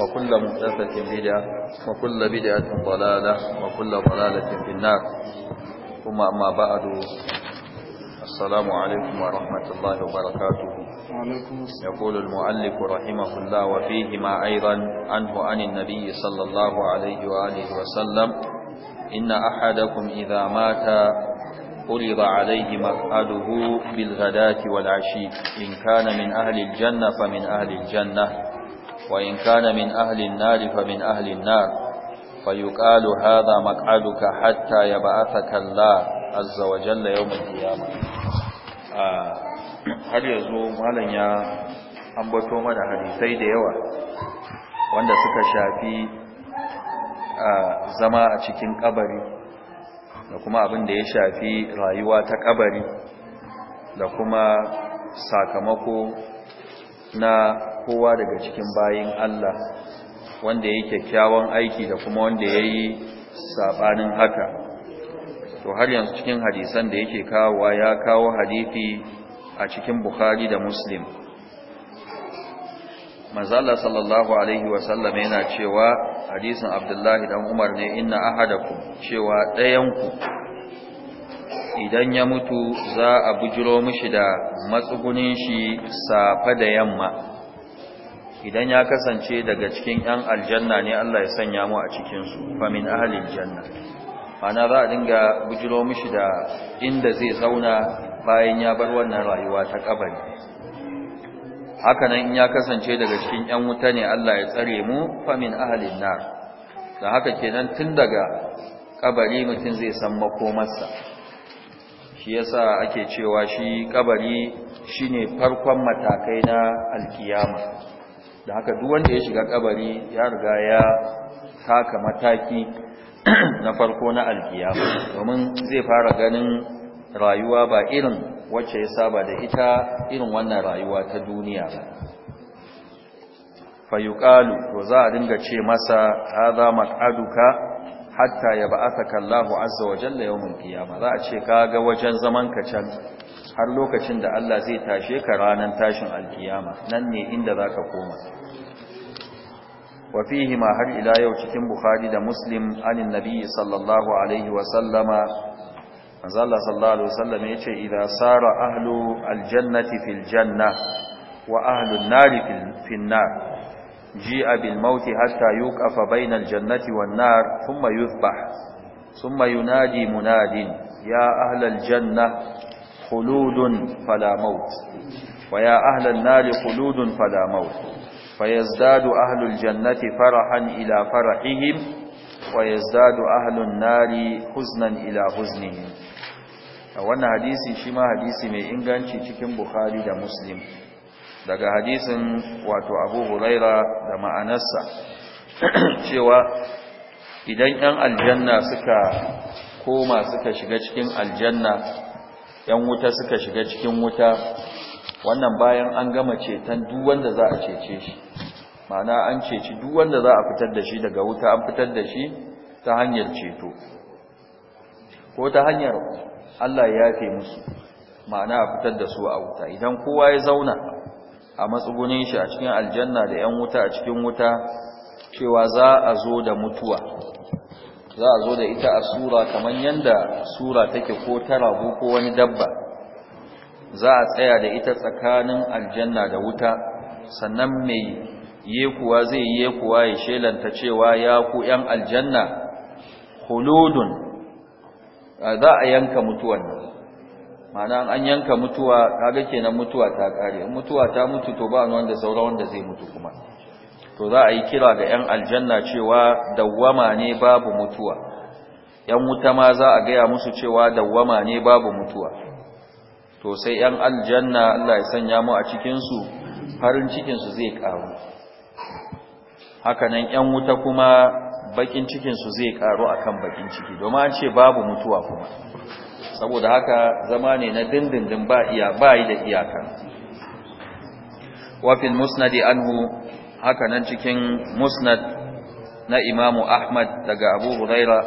وكل محدثة بدعة وكل بدعة ضلالة وكل ضلالة في النار ثم أما بعد السلام عليكم ورحمة الله وبركاته يقول المؤلف رحمه الله وفيهما أيضا عنه عن النبي صلى الله عليه وآله وسلم إن أحدكم إذا مات فرض عليه مقعده بالغداة والعشي إن كان من أهل الجنة فمن أهل الجنة وإن كان من أهل النار فمن أهل النار فيقال هذا مقعدك حتى يبعثك الله عز وجل يوم القيامة har yanzu malam ya ambato mana hadisai da yawa wanda suka shafi zama a cikin kabari da kuma abin da ya shafi rayuwa ta kabari da kuma sakamako na kowa daga cikin bayin Allah wanda yayi kyakkyawan aiki da kuma wanda yayi sabanin haka to har yanzu cikin hadisan da yake kawo ya kawo hadisi a cikin Bukhari da Muslim manzala sallallahu alaihi wasallam yana cewa hadisin Abdullahi dan Umar ne inna ahadakum cewa ɗayanku idan ya mutu za a bujiro mishi da matsugunin shi safa da yamma idan ya kasance daga cikin ‘yan aljanna ne Allah ya sanya mu a cikinsu min ahalin janna ana za a dinga bujiro mishi da inda zai zauna bayan ya bar wannan rayuwa ta kabari nan in ya kasance daga cikin ‘yan wuta ne Allah ya tsare mu fa min ahalin na. da haka kenan tun daga kabari mutum zai san makomarsa shi yasa ake cewa shi kabari shine farkon matakai na alkiyama da haka duk wanda ya shiga kabari ya riga ya taka mataki na farko na alkiyama domin zai fara ganin rayuwa ba irin wacce ya saba da ita irin wannan rayuwa ta duniya ba fayuqalu to za a dinga ce masa hadha maq'aduka hatta ya ba'athaka Allahu azza wa jalla yawmal qiyama za a ce kaga wajen zaman ka can har lokacin da Allah zai tashe ka ranan tashin alkiyama nan ne inda zaka koma wa fihi ma har ila yau cikin Bukhari da Muslim anin Nabi sallallahu alaihi wa sallama manzo Allah sallallahu alaihi wa sallam yace idza sara ahlu aljannati fil janna wa ahlu nari fil nar ji abin mauti hatta yuƙafa ƙafa bainar jannati wannan sun mayu ba sun mayu nadi munadin ya ahlal janna kuludun falamaut wa ya ahlal nari kuludun falamaut fa ahlul jannati farahan ila farahihim wa ya ahlul nari huznan ila huznihim wannan hadisi shima hadisi mai inganci cikin bukhari da muslim daga hadisin wato abu huraira da ma'anarsa cewa idan 'yan aljanna suka koma suka shiga cikin aljanna 'yan wuta suka shiga cikin wuta wannan bayan an gama ceton duwanda za a cece shi ma'ana an ceci duwanda za a fitar da shi daga wuta an fitar da shi ta hanyar ceto ko ta hanyar Allah ya yafe musu ma'ana a fitar da su a wuta idan kowa ya zauna a matsugunin shi a cikin aljanna da ‘yan wuta a cikin wuta cewa za a zo da mutuwa za a zo da ita a sura kamar yanda sura take ko ta rago ko wani dabba za a tsaya da ita tsakanin aljanna da wuta sannan mai yekuwa zai yekuwa ya shelanta cewa ya ku ‘yan aljanna huludun za a yanka mutuwan nan ma'ana an yanka mutuwa kaga kenan mutuwa ta kare mutuwa ta mutu to ba wanda saura wanda zai mutu kuma to za a yi kira ga 'yan aljanna cewa dawwama ne babu mutuwa 'yan wuta ma za a gaya musu cewa dawwama ne babu mutuwa to sai 'yan aljanna Allah ya sanya mu a cikinsu farin cikinsu zai ƙaru hakanan 'yan wuta kuma bakin cikinsu zai ƙaru akan bakin ciki domin an ce babu mutuwa kuma saboda haka zama ne na dindindin ba iya ba yi da iyaka wafin musnadi anhu haka nan cikin musnad na imamu ahmad daga abu huraira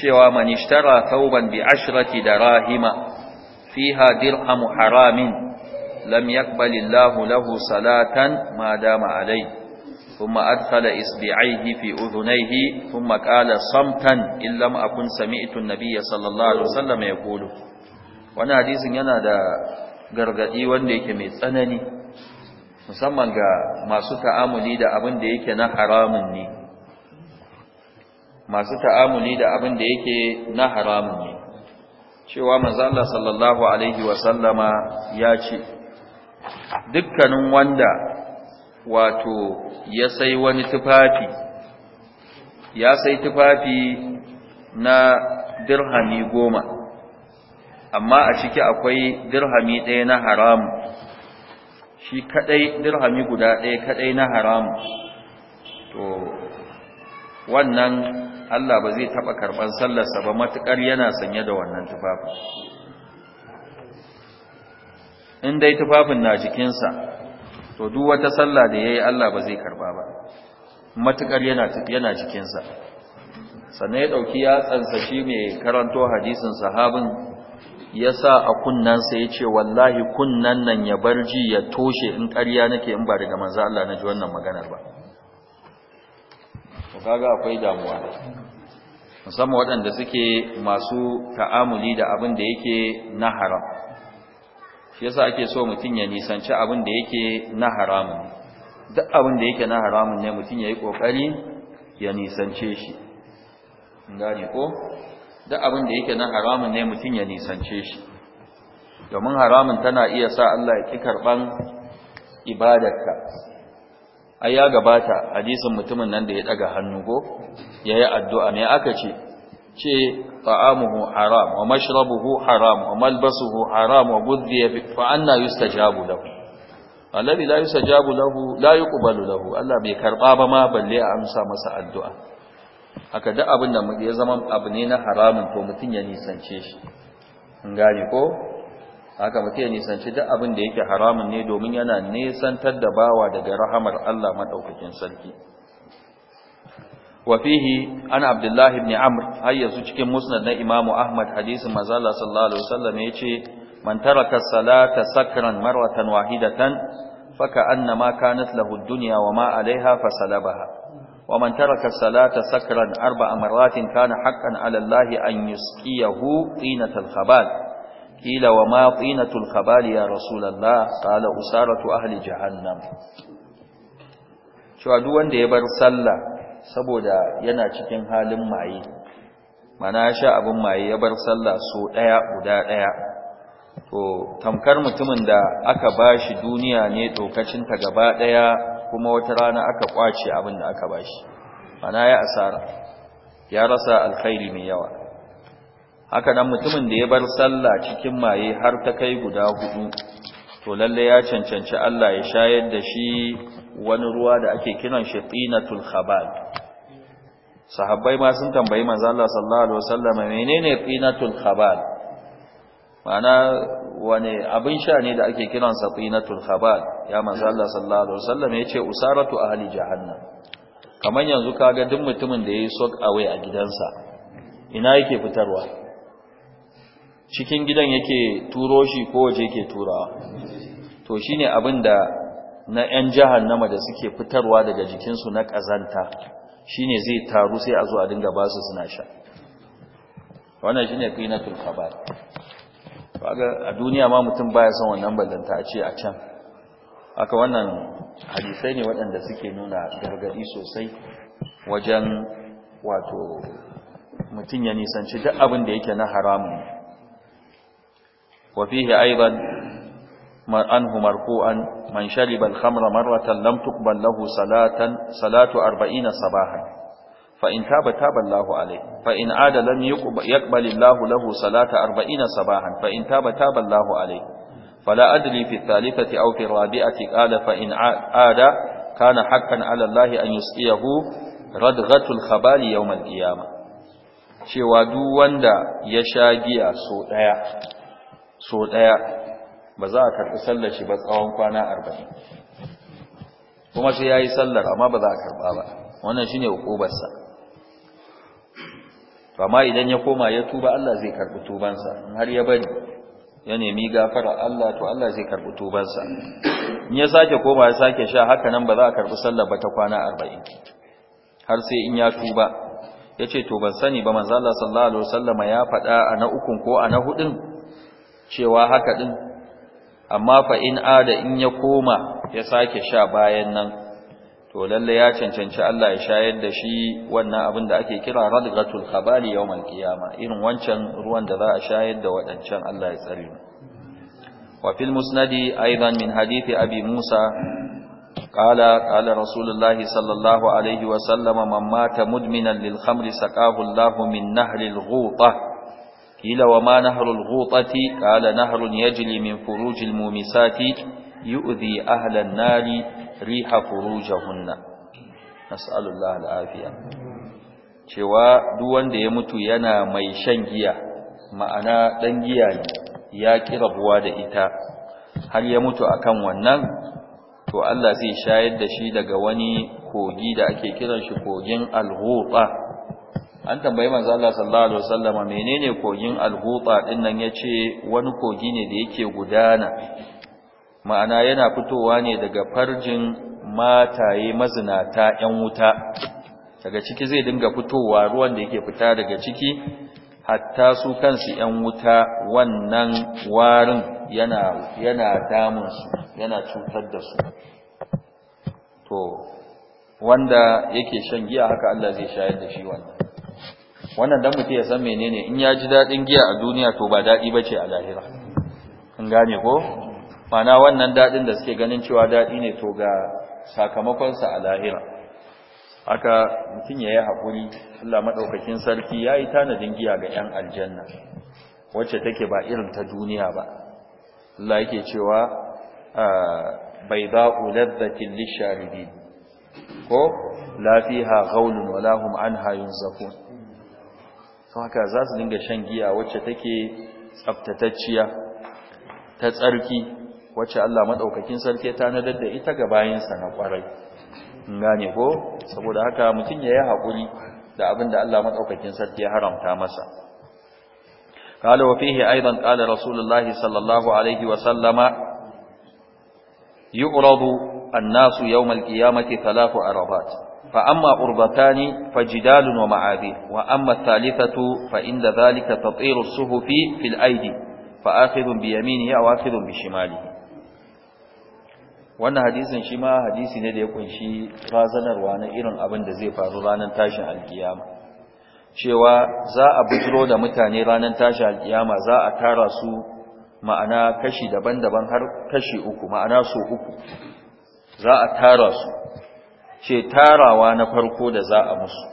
cewa man ishtara thawban bi ashrati darahima fiha dirhamu haramin lam yaqbal lahu salatan ma dama alayhi ثم أدخل إصبعيه في أذنيه ثم قال صمتا إن لم أكن سمعت النبي صلى الله عليه وسلم يقول وانا حديث yana da gargadi wanda yake mai tsanani musamman ga masu ta'amuli da abin da yake na haramun ne masu ta'amuli da abin da yake na haramun ne cewa manzo Allah sallallahu alaihi wa sallama ya ce dukkanin wanda wato ya sai wani tufafi ya sai tufafi na dirhami goma amma a ciki akwai dirhami ɗaya na haramu shi kaɗai dirhami guda ɗaya kaɗai na haramu to wannan Allah ba zai taɓa karɓar sallarsa ba matuƙar yana sanye da wannan tufafin in dai tufafin na jikinsa to duk wata sallah da yayi Allah ba zai karba ba matukar yana yana jikinsa sannan ya dauki ya shi mai karanto hadisin sahabin ya sa a kunnansa ya ce wallahi kunnan nan ya bar ji ya toshe in ƙarya nake in ba daga manzo Allah na ji wannan maganar ba to kaga akwai damuwa musamman waɗanda suke masu ta'amuli da abin da yake na haram shi yasa ake so mutum ya nisanci abin da yake na haramun duk abin da yake na haramun ne mutum ya yi ƙoƙari ya nisance shi gane ko duk abin da yake na haramun ne mutum ya nisance shi domin haramun tana iya sa Allah ya ki karban ibadarka ai ya gabata hadisin mutumin nan da ya daga hannu ko ya yi addu'a me aka ce ce ta'amuhu haram wa mashrabuhu haram wa malbasuhu haram wa gudhiya bi fa anna yustajabu lahu alladhi la yustajabu lahu la yuqbalu lahu Allah bai karba ba ma balle a amsa masa addu'a haka duk abin da ya zama abu ne na haramun to mutun ya nisance shi in gane ko haka mutun ya nisance duk abin da yake haramun ne domin yana nesantar da bawa daga rahamar Allah madaukakin sarki Wafihi fihi an abdullah ibn amr har yanzu cikin musnad na imamu ahmad hadisin manzala sallallahu alaihi wasallam yace man taraka salata sakran marwatan wahidatan faka annama kanat lahu ad wa ma alaiha fasalabaha wa man salata sakran arba'a marratin kana haqqan 'ala allah an yusqiyahu qinatal khabal قيل وما طينة الخبال يا رسول الله قال أسارة أهل جهنم شو أدوان دي بر سلة saboda yana cikin halin maye mana ya sha abin maye ya bar sallah so ɗaya guda ɗaya to tamkar mutumin da aka ba shi duniya ne ta gaba ɗaya kuma wata rana aka kwace abin da aka ba shi mana ya asara ya rasa alkhairi mai yawa haka nan mutumin da ya bar sallah cikin maye har ta kai guda hudu to lalle ya cancanci Allah ya shayar da shi wani ruwa da ake kiran shi tinatul khabal sahabbai ma sun tambayi manzo Allah sallallahu alaihi wasallam menene qinatul khabal Mana wani abin sha ne da ake kiransa qinatul khabal ya manzo Allah sallallahu alaihi wasallam yace usaratu ahli jahannam kamar yanzu kaga duk mutumin da yayi sok away a gidansa ina yake fitarwa cikin gidan yake turo shi ko waje yake turawa to shine abin da na 'yan jahannama da suke fitarwa daga jikinsu na ƙazanta shine zai taru sai a zo a dinga ba su suna sha wannan shine qinatul khabar kaga a duniya ma mutum baya son wannan ballanta a ce a can aka wannan hadisai ne waɗanda suke nuna gargadi sosai wajen wato mutum ya nisanci duk abin da yake na haramun wa fihi aidan عنه مرفوعا من شرب الخمر مرة لم تقبل له صلاة صلاة أربعين صباحا فإن تاب تاب الله عليه فإن عاد لم يقبل الله له صلاة أربعين صباحا فإن تاب تاب الله عليه فلا أدري في الثالثة أو في الرابعة قال فإن عاد كان حقا على الله أن يسقيه radghatul khabali yawmal qiyama cewa duk wanda ya sha giya so daya so daya ba za a karɓi sallar shi ba tsawon kwana arba'in kuma sai ya yi sallar amma ba za a karɓa ba wannan shi ne hukubarsa amma idan ya koma ya tuba Allah zai karɓi tubansa in har ya bari ya nemi gafara Allah to Allah zai karɓi tubansa in ya sake koma ya sake sha haka nan ba za a karɓi sallar ba ta kwana arba'in har sai in ya tuba ya ce to ban sani ba manzala sallallahu alaihi wasallama ya faɗa a na ukun ko a na hudun cewa haka ɗin amma fa in ada in ya koma ya sake sha bayan nan to lalle ya cancanci Allah ya shayar da shi wannan abin da ake kira radghatul khabali yawmal qiyama irin wancan ruwan da za a shayar da wadancan Allah ya tsare mu wa fil musnadi aidan min hadith abi musa قال قال رسول الله صلى الله عليه وسلم من مات مدمنا للخمر سقاه الله من قيل وما نهر الغوطة قال نهر يجري من فروج المومسات يؤذي أهل النار ريح فروجهن نسأل الله العافية cewa duk wanda ya mutu yana mai shan giya ma'ana dan giya ne ya kira buwa da ita har ya mutu akan wannan to Allah zai shayar da shi daga wani kogi da ake kiran shi kogin al an tambayi manzo Allah sallallahu alaihi wasallama menene kogin al ɗinnan din nan yace wani kogi ne da yake gudana ma'ana yana fitowa ne daga farjin mataye mazinata ƴan wuta daga ciki zai dinga fitowa ruwan da yake fita daga ciki hatta su kansu ƴan wuta wannan warin yana yana damun su yana cutar da su to wanda yake shan giya haka Allah zai shayar da shi wannan wannan dan mutum ya san menene in ya ji dadin giya a duniya to ba dadi bace a lahira kun gane ko mana wannan dadin da suke ganin cewa dadi ne to ga sakamakon sa a lahira Aka mutum yayi hakuri Allah madaukakin sarki yayi tanadin giya ga yan aljanna wacce take ba irin ta duniya ba Allah yake cewa ah, bayda'u ladhatin lisharibin ko la fiha ghawlun wala hum anha yunzafun haka za su dinga shan giya wacce take tsaftatacciya ta tsarki wacce Allah maɗaukakin sarki ta nadar da ita ga bayinsa na kwarai gane ko saboda haka mutum yi hakuri da abin da Allah maɗaukakin sarki ya haramta masa قال وفيه أيضا قال رسول الله صلى الله عليه وسلم يعرض الناس يوم القيامة ثلاث عربات fa amma urbatani fa jidalun wa ma'adi wa amma thalithatu fa inda zalika tatiru suhufi fil aidi fa akhidun bi yaminihi aw akhidun bi shimalihi wannan hadisin shi ma hadisi ne da ya kunshi razanarwa na irin abin da zai faru ranar tashin alkiyama cewa za a bujiro da mutane ranar tashin alkiyama za a tara su ma'ana kashi daban-daban har kashi uku ma'ana so uku za a tara su ce tarawa na farko da za a musu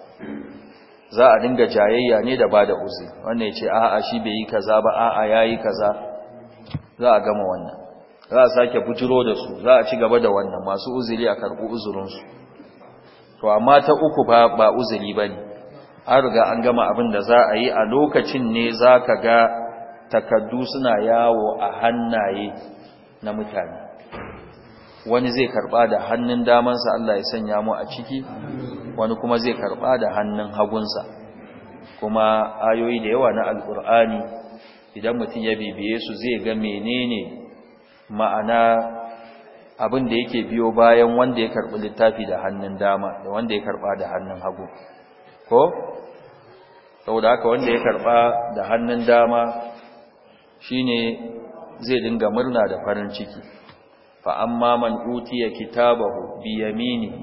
za a dinga jayayya ne da bada uzi wannan ya ce a'a shi bai yi kaza ba a'a yi kaza za a gama wannan za a sake bujiro da su za a ci gaba da wannan masu uzuri a karɓi uzurinsu to amma ta uku ba ba uzuri ba ne an riga an gama abin da za a yi a lokacin ne za ka ga takardu suna yawo a hannaye na mutane wani zai karba da hannun damansa Allah ya sanya mu a ciki wani kuma zai karba da hannun hagunsa kuma ayoyi da yawa na alkur'ani idan mutum ya bibiye su zai ga menene ma'ana abin da yake biyo bayan wanda ya karbi littafi da hannun dama da wanda ya karba da hannun hagu ko saboda haka wanda ya karba da hannun dama shine zai dinga murna da farin ciki فأما من أوتي كتابه بيمينه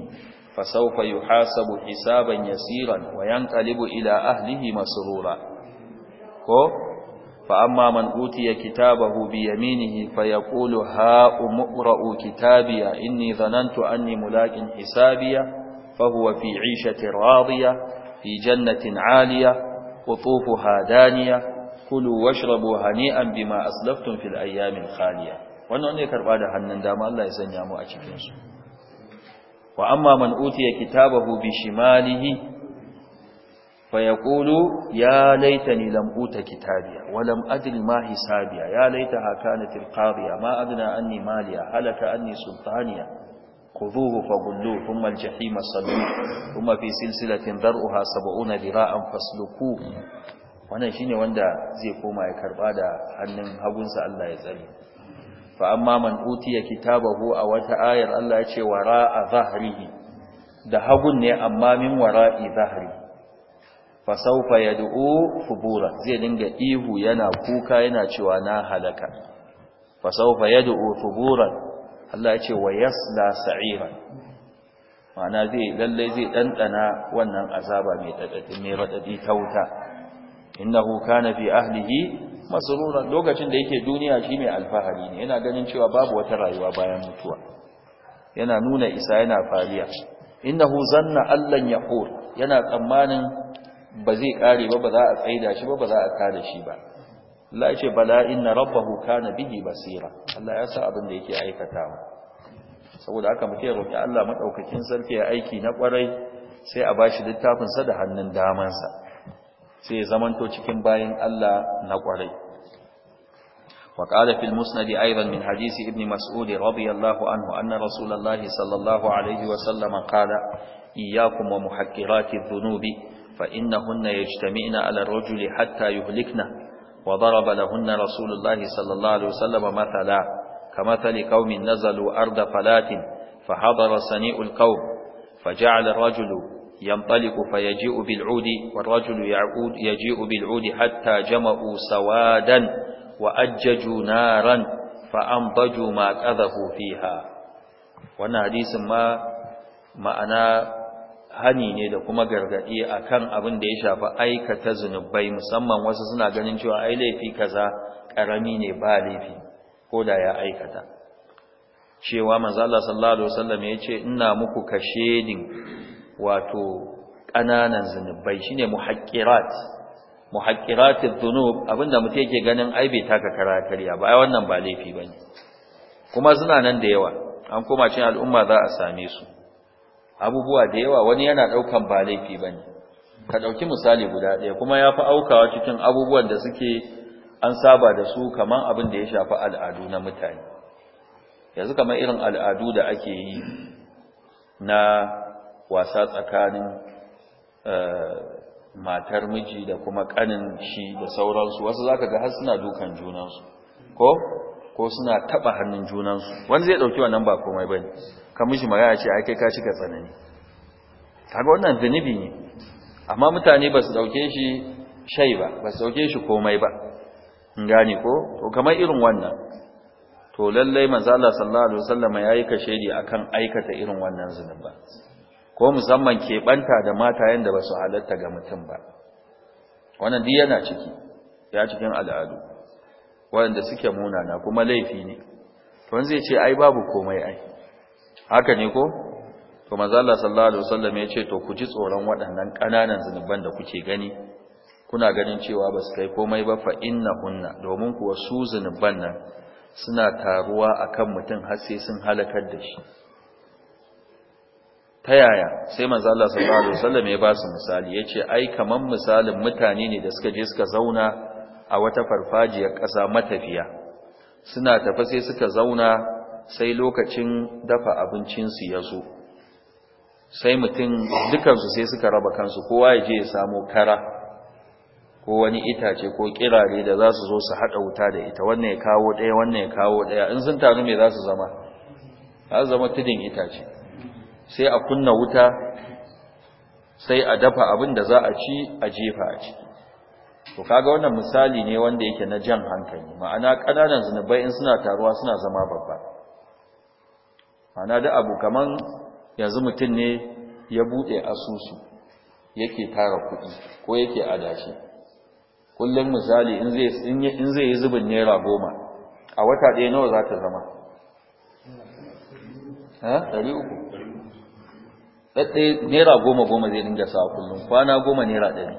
فسوف يحاسب حسابا يسيرا وينقلب إلى أهله مسرورا فأما من أوتي كتابه بيمينه فيقول ها أمقرأ كتابي إني ظننت أني ملاك حسابي فهو في عيشة راضية في جنة عالية قطوفها دانية كلوا واشربوا هنيئا بما أسلفتم في الأيام الخالية wannan wanda ya karba da hannun dama Allah ya sanya mu a cikin su wa amma man utiya kitabahu bi shimalihi fa yaqulu ya laitani lam uta kitabiya wa lam adri ma hisabiya ya laita kanat alqadiya ma adna anni maliya halaka anni sultaniya khudhuhu faghullu thumma aljahima sallu thumma fi silsilatin dar'uha 70 dira'an fasluku wannan shine wanda zai koma ya karba da hannun hagunsa Allah ya tsare fa amma man utiya kitabahu a wata ayar Allah ya ce a zahrihi da hagun ne amma min wara'i zahri fa sawfa yad'u fubura zai dinga ihu yana kuka yana cewa na halaka fa sawfa yad'u fuburan Allah ya ce wa yasla sa'iran ma'ana zai lalle zai dandana wannan azaba mai dadadi mai radadi ta wuta innahu kana fi ahlihi masruran lokacin da yake duniya shi mai alfahari ne yana ganin cewa babu wata rayuwa bayan mutuwa yana nuna isa yana fariya innahu zanna allan yahur yana tsammanin ba zai kare ba ba za a tsaida shi ba ba za a kare shi ba Allah ya ce bala inna rabbahu kana bihi basira Allah ya sa abin da yake aikatawa saboda haka muke roƙi Allah madaukakin sarki ya aiki na kwarai sai a bashi littafin sa da hannun damansa sai ya zamanto cikin bayan Allah na ƙwarai. Wa ƙada fil musnadi aidan min hadisi ibni mas'udi radiyallahu anhu anna rasulallahi sallallahu alaihi wa sallama ƙada iyakum wa muhakkirati dhunubi fa innahunna yajtami'na ala rajuli hatta yuhlikna wa daraba lahunna rasulullahi sallallahu alaihi wa sallama arda كمثل fa نزلوا أرض فلات فحضر سنيء القوم فجعل الرجل ينطلق فيجيء بالعود والرجل يعود يجيء بالعود حتى جمعوا سوادا وأججوا نارا فأنضجوا ما كذفوا فيها وانا حديث ما ma'ana hani ne da kuma gargaɗi akan abin da ya shafi aikata zunubai musamman wasu suna ganin cewa ai laifi kaza karami ne ba laifi ko da ya aikata cewa manzo Allah sallallahu alaihi wasallam ya ce ina muku kashedin wato ƙananan zunubai shi ne muhaƙirat muhaqqiratid zunub, abinda mutu yake ganin ai bai taka kara karya ba wannan ba laifi ba ne. kuma suna nan da yawa an koma cin al'umma za a same su abubuwa da yawa wani yana ɗaukan ba laifi ba ne. ka ɗauki misali guda ɗaya kuma ya fi aukawa cikin abubuwan da suke an saba da su kamar abin da ya shafi al'adu na mutane yanzu kamar irin al'adu da ake yi na wasa tsakanin eh, matar miji da kuma kanin shi da sauransu wasu ka ga har suna dukan junansu ko ko suna taba hannun junansu Wani zai dauki wannan ba komai bane kan miji magana ce ai kai ka shiga tsanani kaga wannan zunubi ne amma mutane ba su dauke shi shai ba ba su dauke shi komai ba in gane ko to kamar irin wannan to lallai manzo Allah sallallahu alaihi wasallam yayi kashedi akan aikata irin wannan zunubi ko musamman keɓanta da mata da ba su halatta ga mutum ba wannan duk yana ciki ya cikin al'adu waɗanda suke munana kuma laifi ne to zai ce ai babu komai ai haka ne ko to manzo Allah sallallahu alaihi wasallam ya ce to ku ji tsoron waɗannan ƙananan zunuban da kuke gani kuna ganin cewa ba su kai komai ba fa innahunna domin kuwa su zunuban nan suna taruwa akan mutum har sai sun halakar da shi ta yaya sai manzo Allah sallallahu alaihi wasallam ya ba su misali yace ai kaman misalin mutane ne da suka je suka zauna a wata farfajiyar ƙasa matafiya suna tafi sai suka zauna sai lokacin dafa abincin su yazo sai mutum dukan su sai suka raba kansu kowa ya je ya samu kara ko wani itace ko kirare da za su zo su hada wuta da ita wannan ya kawo daya wannan ya kawo daya in sun taru me za su zama za su zama tudin itace sai a kunna wuta sai a dafa abin da za a ci a jefa a ciki to kaga wannan misali ne wanda yake na jan hankali ma'ana ƙananan zunubai in suna taruwa suna zama babba ma'ana da abu kaman yanzu mutum ne ya bude asusu yake tara kuɗi ko yake adashi kullum misali in zai yi zubin naira goma a wata ɗaya nawa za ta zama? ha? Eh, uku ɗaɗɗe naira goma goma zai dinga sa kullum kwana goma naira ɗari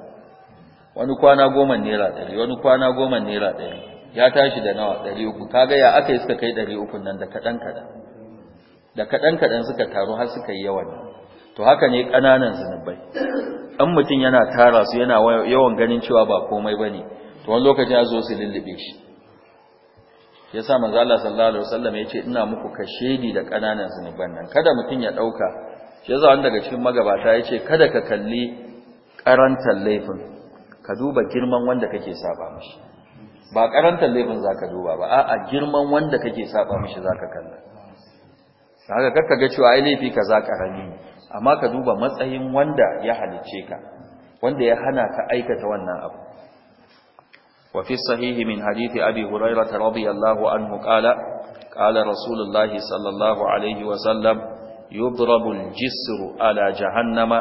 wani kwana goma naira ɗari wani kwana goma naira ɗari ya tashi da nawa ɗari uku kaga ya aka yi suka kai ɗari uku nan da kaɗan kaɗan da kaɗan kaɗan suka taru har suka yi yawan to haka ne ƙananan zunubai Ɗan mutum yana tara su yana yawan ganin cewa ba komai ba ne to wani lokacin ya zo su lullube shi ya sa manzo Allah sallallahu alaihi wasallam ya ce ina muku kashedi da ƙananan zunuban nan kada mutum ya ɗauka shi yasa daga cikin magabata ya ce, kada ka kalli karantar laifin ka duba girman wanda kake saba mishi ba karantar laifin za ka duba ba a'a girman wanda kake saba mishi zaka kalla haka kakka ga cewa ai laifi kaza karami amma ka duba matsayin wanda ya halice ka wanda ya hana ka aikata wannan abu wa fi sahihi min hadithi abi hurairah radiyallahu anhu qala qala rasulullahi sallallahu alaihi wa sallam يضرب الجسر على جهنم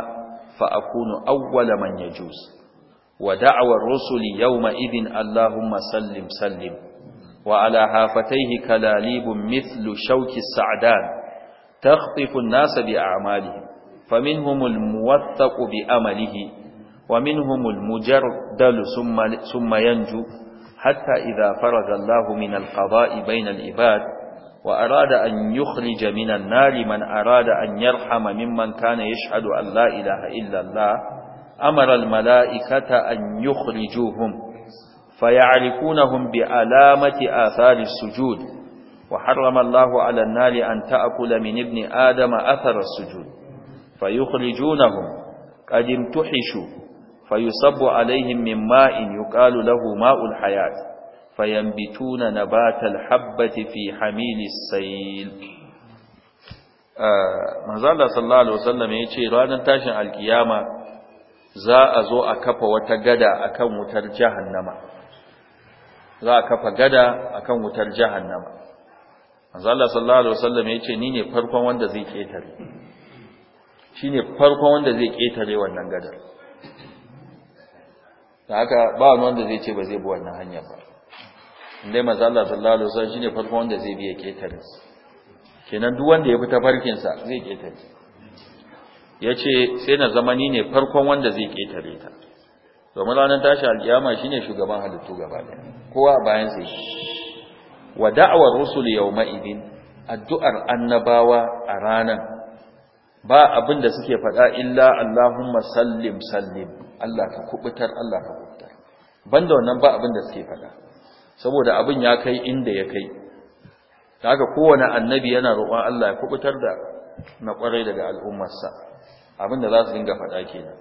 فأكون أول من يجوز ودعوى الرسل يومئذ اللهم سلم سلم وعلى هافتيه كلاليب مثل شوك السعدان تخطف الناس بأعمالهم فمنهم الموثق بأمله ومنهم المجردل ثم ينجو حتى إذا فرغ الله من القضاء بين العباد وأراد أن يخرج من النار من أراد أن يرحم ممن كان يشهد أن لا إله إلا الله أمر الملائكة أن يخرجوهم فيعرفونهم بألامة آثار السجود وحرم الله على النار أن تأكل من ابن آدم أثر السجود فيخرجونهم قد امتحشوا فيصب عليهم من ماء يقال له ماء الحياة fayambituna nabatal habbati fi hamilis sayl manzo Allah sallallahu alaihi wasallam yace ranar tashin alkiyama za a zo a kafa wata gada akan wutar jahannama za a kafa gada akan wutar jahannama manzo Allah sallallahu alaihi wasallam yace ni ne farkon wanda zai ketare shine farkon wanda zai wannan da haka ba wanda zai ce ba zai bi wannan hanyar ba dai maza Allah sallallahu alaihi wasallam shine farko wanda zai biya ketare kenan duk wanda ya fita farkin sa zai ketare yace sai na zamani ne farkon wanda zai ketare ta domin ranar tashi alkiyama shine shugaban halittu gaba daya kowa bayan sai wa da'awar rusul yawma idin addu'ar annabawa a ranan ba abin da suke faɗa illa Allahumma sallim sallim Allah ka kubutar Allah ka kubutar banda wannan ba abin da suke faɗa saboda abin ya kai inda ya kai haka kowane annabi yana roƙon Allah ya kubutar da na ƙwarai daga al'ummarsa abin da za su dinga faɗa kenan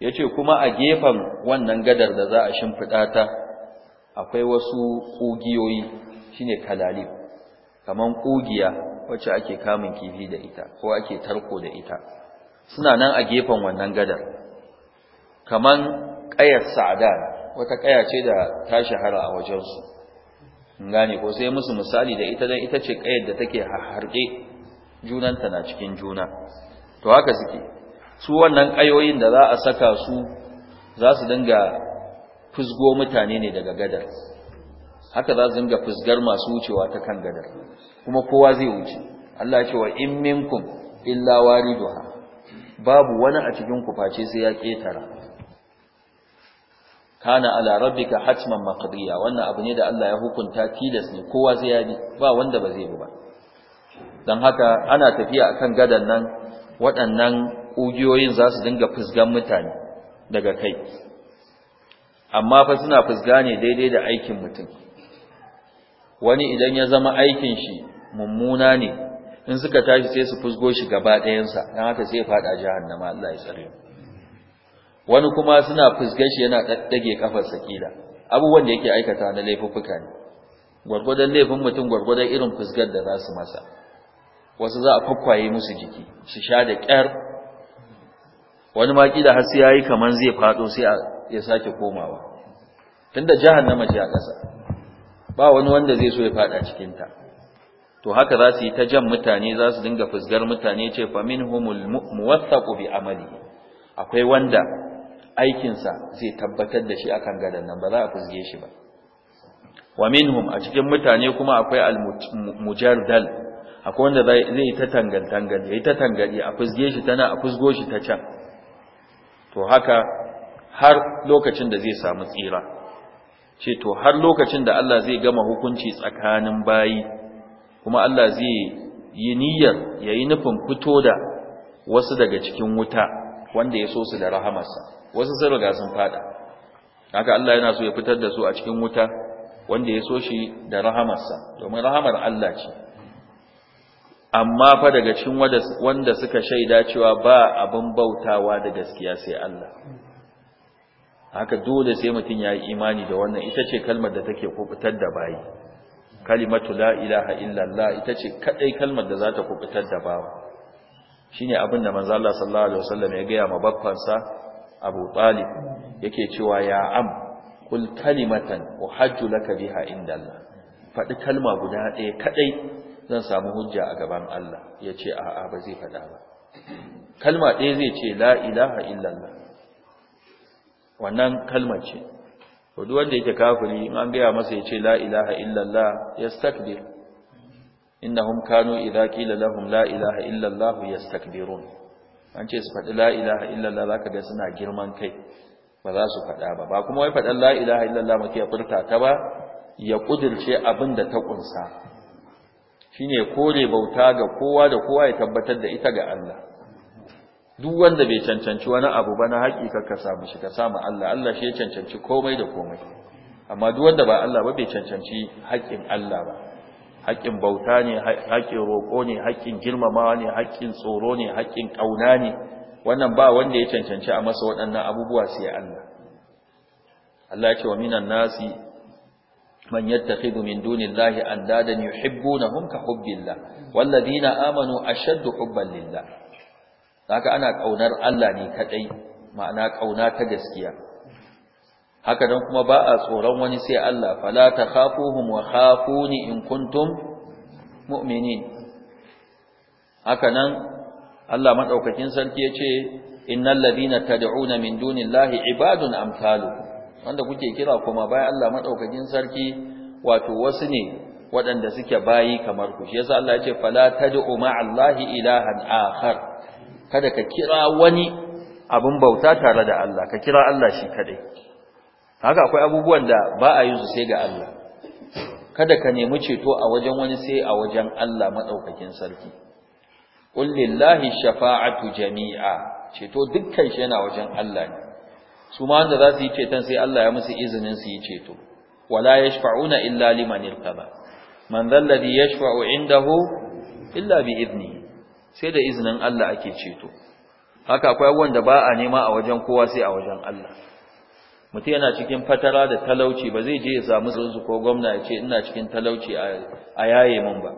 yace kuma a gefen wannan gadar da za a shimfiɗa ta akwai wasu ƙugiyoyi shine kalalib kaman ƙugiya wacce ake kamun kifi da ita ko ake tarko da ita suna nan a gefen wannan gadar kaman ƙayar da. wata kaya ce da ta shahara a wajensu gane ko sai musu misali da ita dan ita ce kayar da take harharke junanta na cikin juna to haka suke su wannan kayoyin da za a saka su za su dinga fusgo mutane ne daga gadar haka za su dinga fusgar masu wucewa ta kan gadar kuma kowa zai wuce Allah ya ce wa in minkum illa wariduha babu wani a cikin ku face sai ya ketara kana ala rabbika hatman maqdiya wannan abu ne da Allah ya hukunta tilas ne kowa zai yi ba wanda ba zai bi ba dan haka ana tafiya akan gadan nan waɗannan kugiyoyin za su dinga fusgan mutane daga kai amma fa suna fusga ne daidai da aikin mutum wani idan ya zama aikin shi mummuna ne in suka tashi sai su fusgo shi gaba ɗayansa dan haka sai ya faɗa jahannama Allah ya tsare mu wani kuma suna fuskar shi yana daddage kafar sakila abubuwan da yake aikata na laifuffuka ne gwargwadon laifin mutum gwargwadon irin fuskar da za su masa wasu za a fakkwaye musu jiki su sha da kyar wani ma kida har sai yayi kaman zai fado sai ya sake komawa tunda jahannama ce a kasa ba wani wanda zai so ya fada cikin ta to haka za su yi ta jan mutane za su dinga fusgar mutane ce fa minhumul muwaffaqu bi amali akwai wanda aikinsa zai tabbatar da shi akan gadan nan ba za a fizge shi ba wa minhum a cikin mutane kuma akwai al-mujardal akwai wanda zai ta tangal tangal yayi ta tangadi a fizge shi tana a fizgo shi ta can to haka har lokacin da zai samu tsira ce to har lokacin da Allah zai gama hukunci tsakanin bayi kuma Allah zai yi niyyar yayi nufin fito da wasu daga cikin wuta wanda ya so su da rahamarsa wasu sun riga sun fada haka Allah yana so ya fitar da su a cikin wuta wanda ya so shi da rahamarsa domin rahamar Allah ce amma fa daga cikin wanda suka shaida cewa ba abin bautawa da gaskiya sai Allah haka dole sai mutum ya yi imani da wannan ita ce kalmar da take kubutar da bayi kalimatu la ilaha illallah ita ce kadai kalmar da za ta kubutar da bawa shine abin da manzo Allah sallallahu alaihi wasallam ya gaya ya mabaffansa abu talib yake cewa ya am kul kalimatan uhajju laka biha inda Allah faɗi kalma guda ɗaya kaɗai zan samu hujja a gaban Allah ya ce a'a ba zai faɗa ba kalma ɗaya zai ce la ilaha illallah wannan kalma ce duk wanda yake kafiri in an gaya masa ya ce la ilaha illallah yastakbir innahum kanu idza qila lahum la ilaha illallah yastakbirun an ce su faɗi la ilaha illallah zaka ga suna girman kai ba za su faɗa ba ba kuma wai faɗan la ilaha illallah muke ya furta ta ba ya ƙudirce abin da ta Shi ne kore bauta ga kowa da kowa ya tabbatar da ita ga Allah duk wanda bai cancanci wani abu ba na haƙiƙa ka samu shi ka samu Allah Allah shi ya cancanci komai da komai amma duk wanda ba Allah ba bai cancanci haƙƙin Allah ba haƙƙin bauta ne haƙƙin roƙo ne haƙƙin girmamawa ne haƙƙin tsoro ne haƙƙin ƙauna ne wannan ba wanda ya cancanci a masa waɗannan abubuwa sai Allah Allah ya ce wa minan nasi man yattakhidhu min dunillahi andadan yuhibbunahum ka hubbillah walladina amanu ashaddu hubban lillah haka ana ƙaunar Allah ne kadai ma'ana ƙauna ta gaskiya haka dan kuma ba a tsoron wani sai Allah fala takhafuhum wa khafuni in kuntum mu'minin haka nan Allah madaukakin sarki yace innal ladina tad'una min dunillahi ibadun amsalu wanda kuke kira kuma bayan Allah madaukakin sarki wato wasu ne waɗanda suke bayi kamar ku shi yasa Allah yace fala tad'u ma'allahi ilahan akhar kada ka kira wani abin bauta tare da Allah ka kira Allah shi kadai haka akwai abubuwan da ba a yin su sai ga Allah kada ka nemi ceto a wajen wani sai a wajen Allah madaukakin sarki qul lillahi shafa'atu jami'a ceto dukkan shi yana wajen Allah ne su ma wanda za su yi ceton sai Allah ya musu izinin su yi ceto wala yashfa'una illa liman irtaba man dhal ladhi yashfa'u indahu illa bi idni sai da izinin Allah ake ceto haka akwai abubuwan da ba a nema a wajen kowa sai a wajen Allah mutum yana cikin fatara da talauci ba zai je ya samu zuzu ko gwamna ya ce ina cikin talauci a yaye mun ba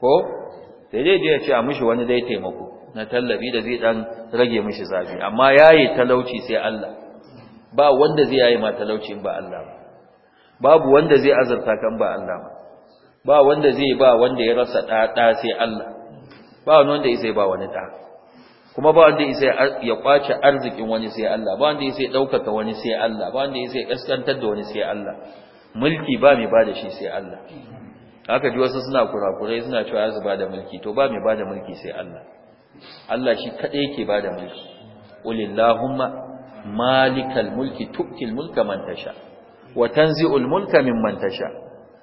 ko sai zai je ya ce a mishi wani dai taimako na tallafi da zai dan rage mishi zafi amma yaye talauci sai Allah ba wanda zai yaye ma talauci ba Allah ba babu wanda zai azurta kan ba Allah ba ba wanda zai ba wanda ya rasa ɗaɗa sai Allah ba wani wanda zai ba wani ɗa kuma ba wanda yasa ya kwace arzikin wani sai Allah ba wanda yasa ya daukaka wani sai Allah ba wanda yasa ya kaskantar da wani sai Allah mulki ba mai bada shi sai Allah haka ji wasu suna kurakurai suna cewa su da mulki to ba mai bada mulki sai Allah Allah shi kadai yake bada mulki ulillahumma malikal mulki tu'til mulka man tasha wa tanzi'ul mulka mimman tasha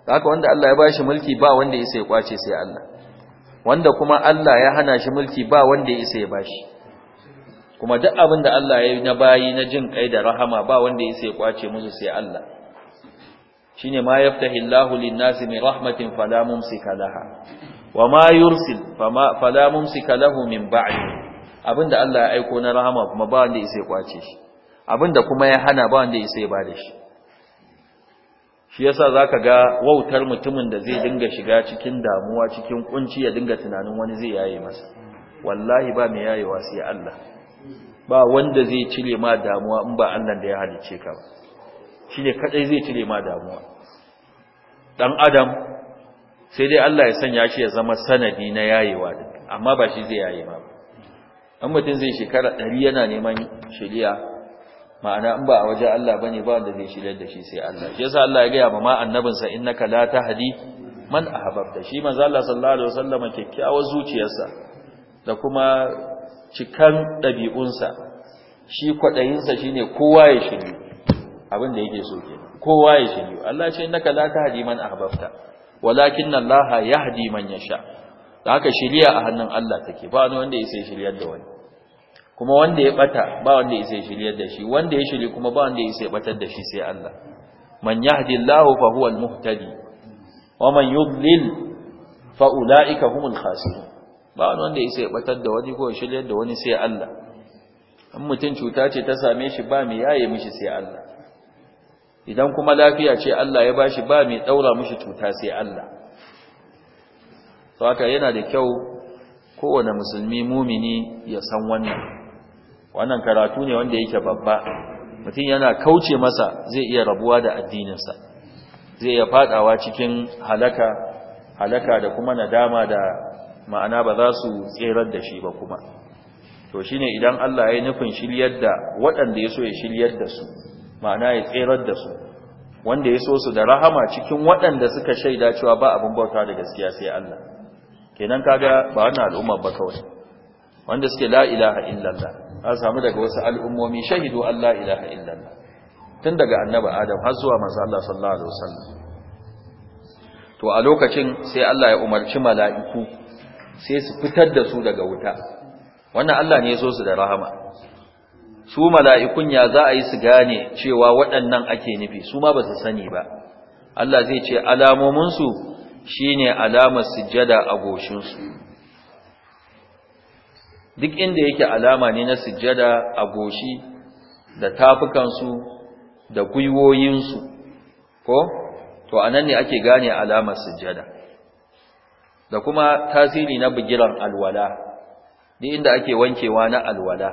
haka wanda Allah ya bashi mulki ba wanda yasa ya kwace sai Allah wanda kuma Allah ya hana shi mulki ba wanda ya isa ya bashi kuma duk abin da Allah ya yi na bayi na jin kai da rahama ba wanda ya isa ya kwace musu sai Allah shine ma yaftahi Allahu lin-nasi min rahmatin fala mumsika laha wa ma yursil fala mumsika lahu min ba'di abinda Allah ya aiko na rahama kuma ba wanda ya isa ya kwace shi abinda kuma ya hana ba wanda ya isa ya bada shi shi yasa zaka ga wautar mutumin da zai dinga shiga cikin damuwa cikin kunci ya dinga tunanin wani zai yaye masa wallahi ba mai yayewa sai Allah ba wanda zai cire ma damuwa in ba Allah da ya halice ka ba shine kadai zai cire ma damuwa dan adam sai dai Allah ya sanya shi ya zama sanadi na yayewa amma ba shi zai yaye ma ba an mutum zai shekara 100 yana neman shiriya ma'ana in ba a waje Allah bane ba wanda zai shiryar da shi sai Allah shi yasa Allah ya gaya ba ma annabinsa innaka la tahdi man ahbabta shi manzo Allah sallallahu alaihi wasallam kyakkyawar zuciyarsa da kuma cikan dabi'unsa shi kwadayinsa shine kowa ya shiryu abin da yake so ke kowa ya shiryu Allah ce innaka la tahdi man ahbabta walakin Allah yahdi man yasha da haka shiriya a hannun Allah take ba wani wanda yake shiryar da wani kuma wanda ya bata ba wanda ya sai shiryar da shi wanda ya shiri kuma ba wanda ya sai batar da shi sai Allah man yahdillahu fa al muhtadi wa man yudlil fa ulaika humul khasirun ba wanda ya sai batar da wani ko shiryar da wani sai Allah in mutun cuta ce ta same shi ba mai yaye mishi sai Allah idan kuma lafiya ce Allah ya bashi ba mai daura mishi cuta sai Allah to haka yana da kyau kowane musulmi mumini ya san wannan wannan karatu ne wanda yake babba mutum yana kauce masa zai iya rabuwa da addininsa zai iya fadawa cikin halaka halaka da kuma nadama da ma'ana ba za su tserar da shi ba kuma to shine idan Allah ya nufin shiryar da waɗanda ya so ya shiryar da su ma'ana ya tserar da su wanda ya so su da rahama cikin waɗanda suka shaida cewa ba abin bauta da gaskiya sai Allah kenan kaga ba wannan al'umma ba kawai wanda suke la ilaha illallah an samu daga wasu al'ummomi shahidu Allah ilaha illallah tun daga annaba adam har zuwa masu Allah sallallahu alaihi wasallam to a lokacin sai Allah ya umarci mala'iku sai su fitar da su daga wuta wannan Allah ne ya so su da rahama su mala'ikun ya za a yi su gane cewa waɗannan ake nufi su ma ba su sani ba Allah zai ce alamominsu shi ne alamar sujjada a goshinsu duk inda yake alama ne na sujjada a goshi da tafukansu da gwiwoyinsu ko to anan ne ake gane alamar sujjada da kuma tasiri na bugiran alwala duk inda ake wankewa na alwala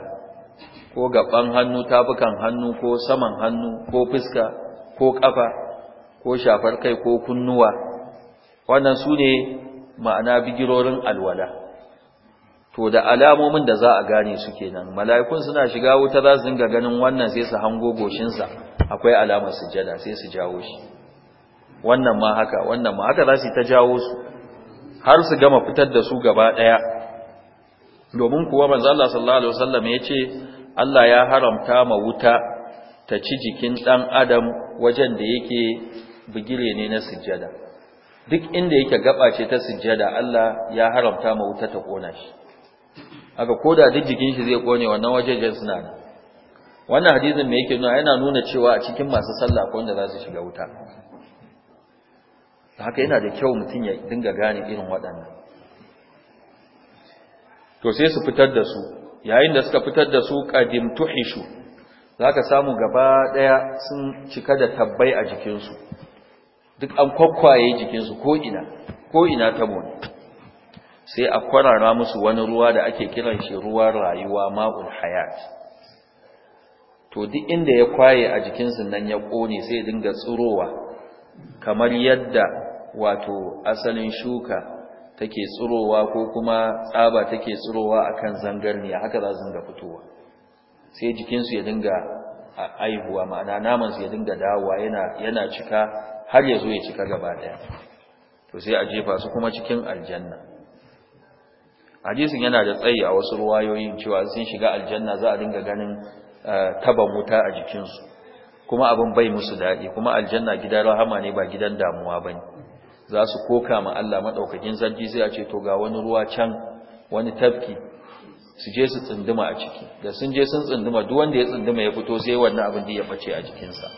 ko gaban hannu tafukan hannu ko saman hannu ko fuska ko kafa ko shafar kai ko kunnuwa wannan su ne ma'ana bigirorin alwala to da alamomin da za a gane su kenan mala'ikun suna shiga wuta za su dinga ganin wannan sai su hango goshinsa akwai alamar sujada sai su jawo shi wannan ma haka wannan ma haka za su ta jawo su har su gama fitar da su gaba ɗaya domin kuwa manzo Allah sallallahu alaihi wasallam ya ce Allah ya haramta ma wuta ta ci jikin ɗan adam wajen da yake bigire ne na sujada. duk inda yake gaba ce ta sujada, Allah ya haramta ma wuta ta kona shi aka koda duk jikin shi zai kone wannan wajejen suna nan wannan hadisin me yake nuna yana nuna cewa a cikin masu sallah akwai wanda za su shiga wuta haka yana da kyau mutum ya dinga gane irin waɗannan to sai su fitar da su yayin da suka fitar da su qadim tuhishu zaka samu gaba ɗaya sun cika da tabbai a jikinsu duk an kwakwaye jikinsu ko ina ko ina tabo bone. sai a kwarara musu wani ruwa da ake kiran shi ruwan rayuwa ma'ul hayat to duk inda ya kwaye a jikinsu nan ya kone sai dinga tsirowa kamar yadda wato asalin shuka take tsirowa ko kuma tsaba take tsirowa akan zangarni haka za su dinga fitowa sai jikinsu ya dinga aihuwa ma'ana su ya dinga dawowa yana yana cika har ya zo ya cika gaba daya to sai a jefa su kuma cikin aljanna hadisin yana da tsayi a wasu ruwayoyin cewa sun shiga aljanna za a dinga ganin eh, taba wuta a jikinsu kuma abin bai musu daɗi kuma aljanna gidan rahama ne ba gidan damuwa ba ne za su koka ma Allah maɗaukakin zargi sai a ce to ga wani ruwa can wani tafki su je su tsinduma a ciki da sun je sun tsinduma duk wanda ya tsinduma ya fito sai wannan abin da ya bace a jikinsa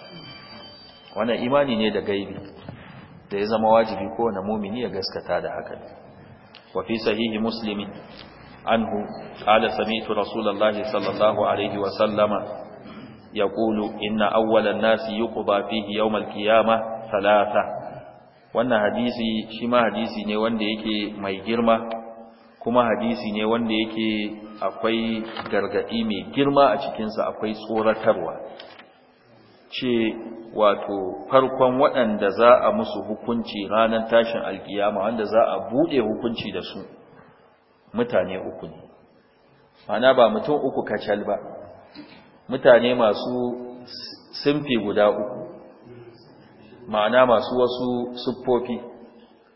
wannan imani ne da gaibi da ya zama wajibi kowane mumini ya gaskata da haka وفي صحيح مسلم عنه قال سمعت رسول الله صلى الله عليه وسلم يقول إن أول الناس يقضى فيه يوم القيامة ثلاثة wannan hadisi shima hadisi ne wanda yake mai girma kuma hadisi ne wanda yake akwai gargaɗi mai girma a cikinsa akwai tsoratarwa ce wato farkon waɗanda za a musu hukunci ranar tashin alkiyama wanda za a buɗe hukunci da su mutane uku ne mana ba mutum uku kacal ba mutane masu simfi guda uku ma'ana masu wasu siffofi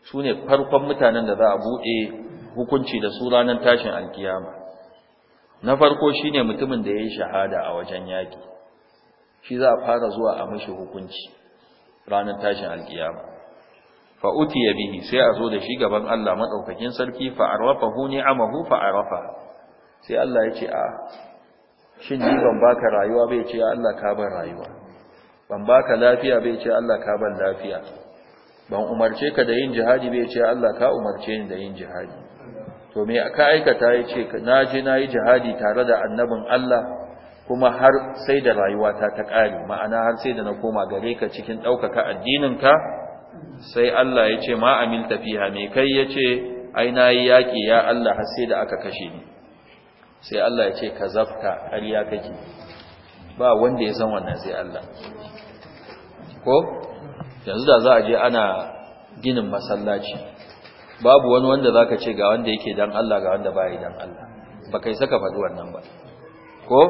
su ne farkon mutanen da za a buɗe hukunci da su ranar tashin alkiyama na farko shine mutumin da ya yi shahada a wajen yaƙi shi za a fara zuwa a mashi hukunci ranar tashin alkiyama fa utiya bihi sai a zo da shi gaban Allah madaukakin sarki fa arrafahu ni'amahu fa arafa sai Allah ya ce a shin ni ban baka rayuwa bai ce Allah ka ban rayuwa ban baka lafiya bai ce Allah ka ban lafiya ban umarce ka da yin jihadi bai ce Allah ka umarce ni da yin jihadi to me ka aikata ya ce na je yi jihadi tare da annabin Allah kuma har sai da rayuwata ta ƙare ma'ana har sai da na koma gare ka cikin ɗaukaka addininka sai Allah ya ce ma'amil tafiya mai kai ya ce ai na yi yaƙi ya Allah har sai da aka kashe ni sai Allah ya ce ka zafta har ya kake ba wanda ya san wannan sai Allah ko yanzu da za a je ana ginin masallaci babu wani wanda za ka ce ga wanda yake dan Allah ga wanda ba yi dan Allah ba kai saka faɗi wannan ba ko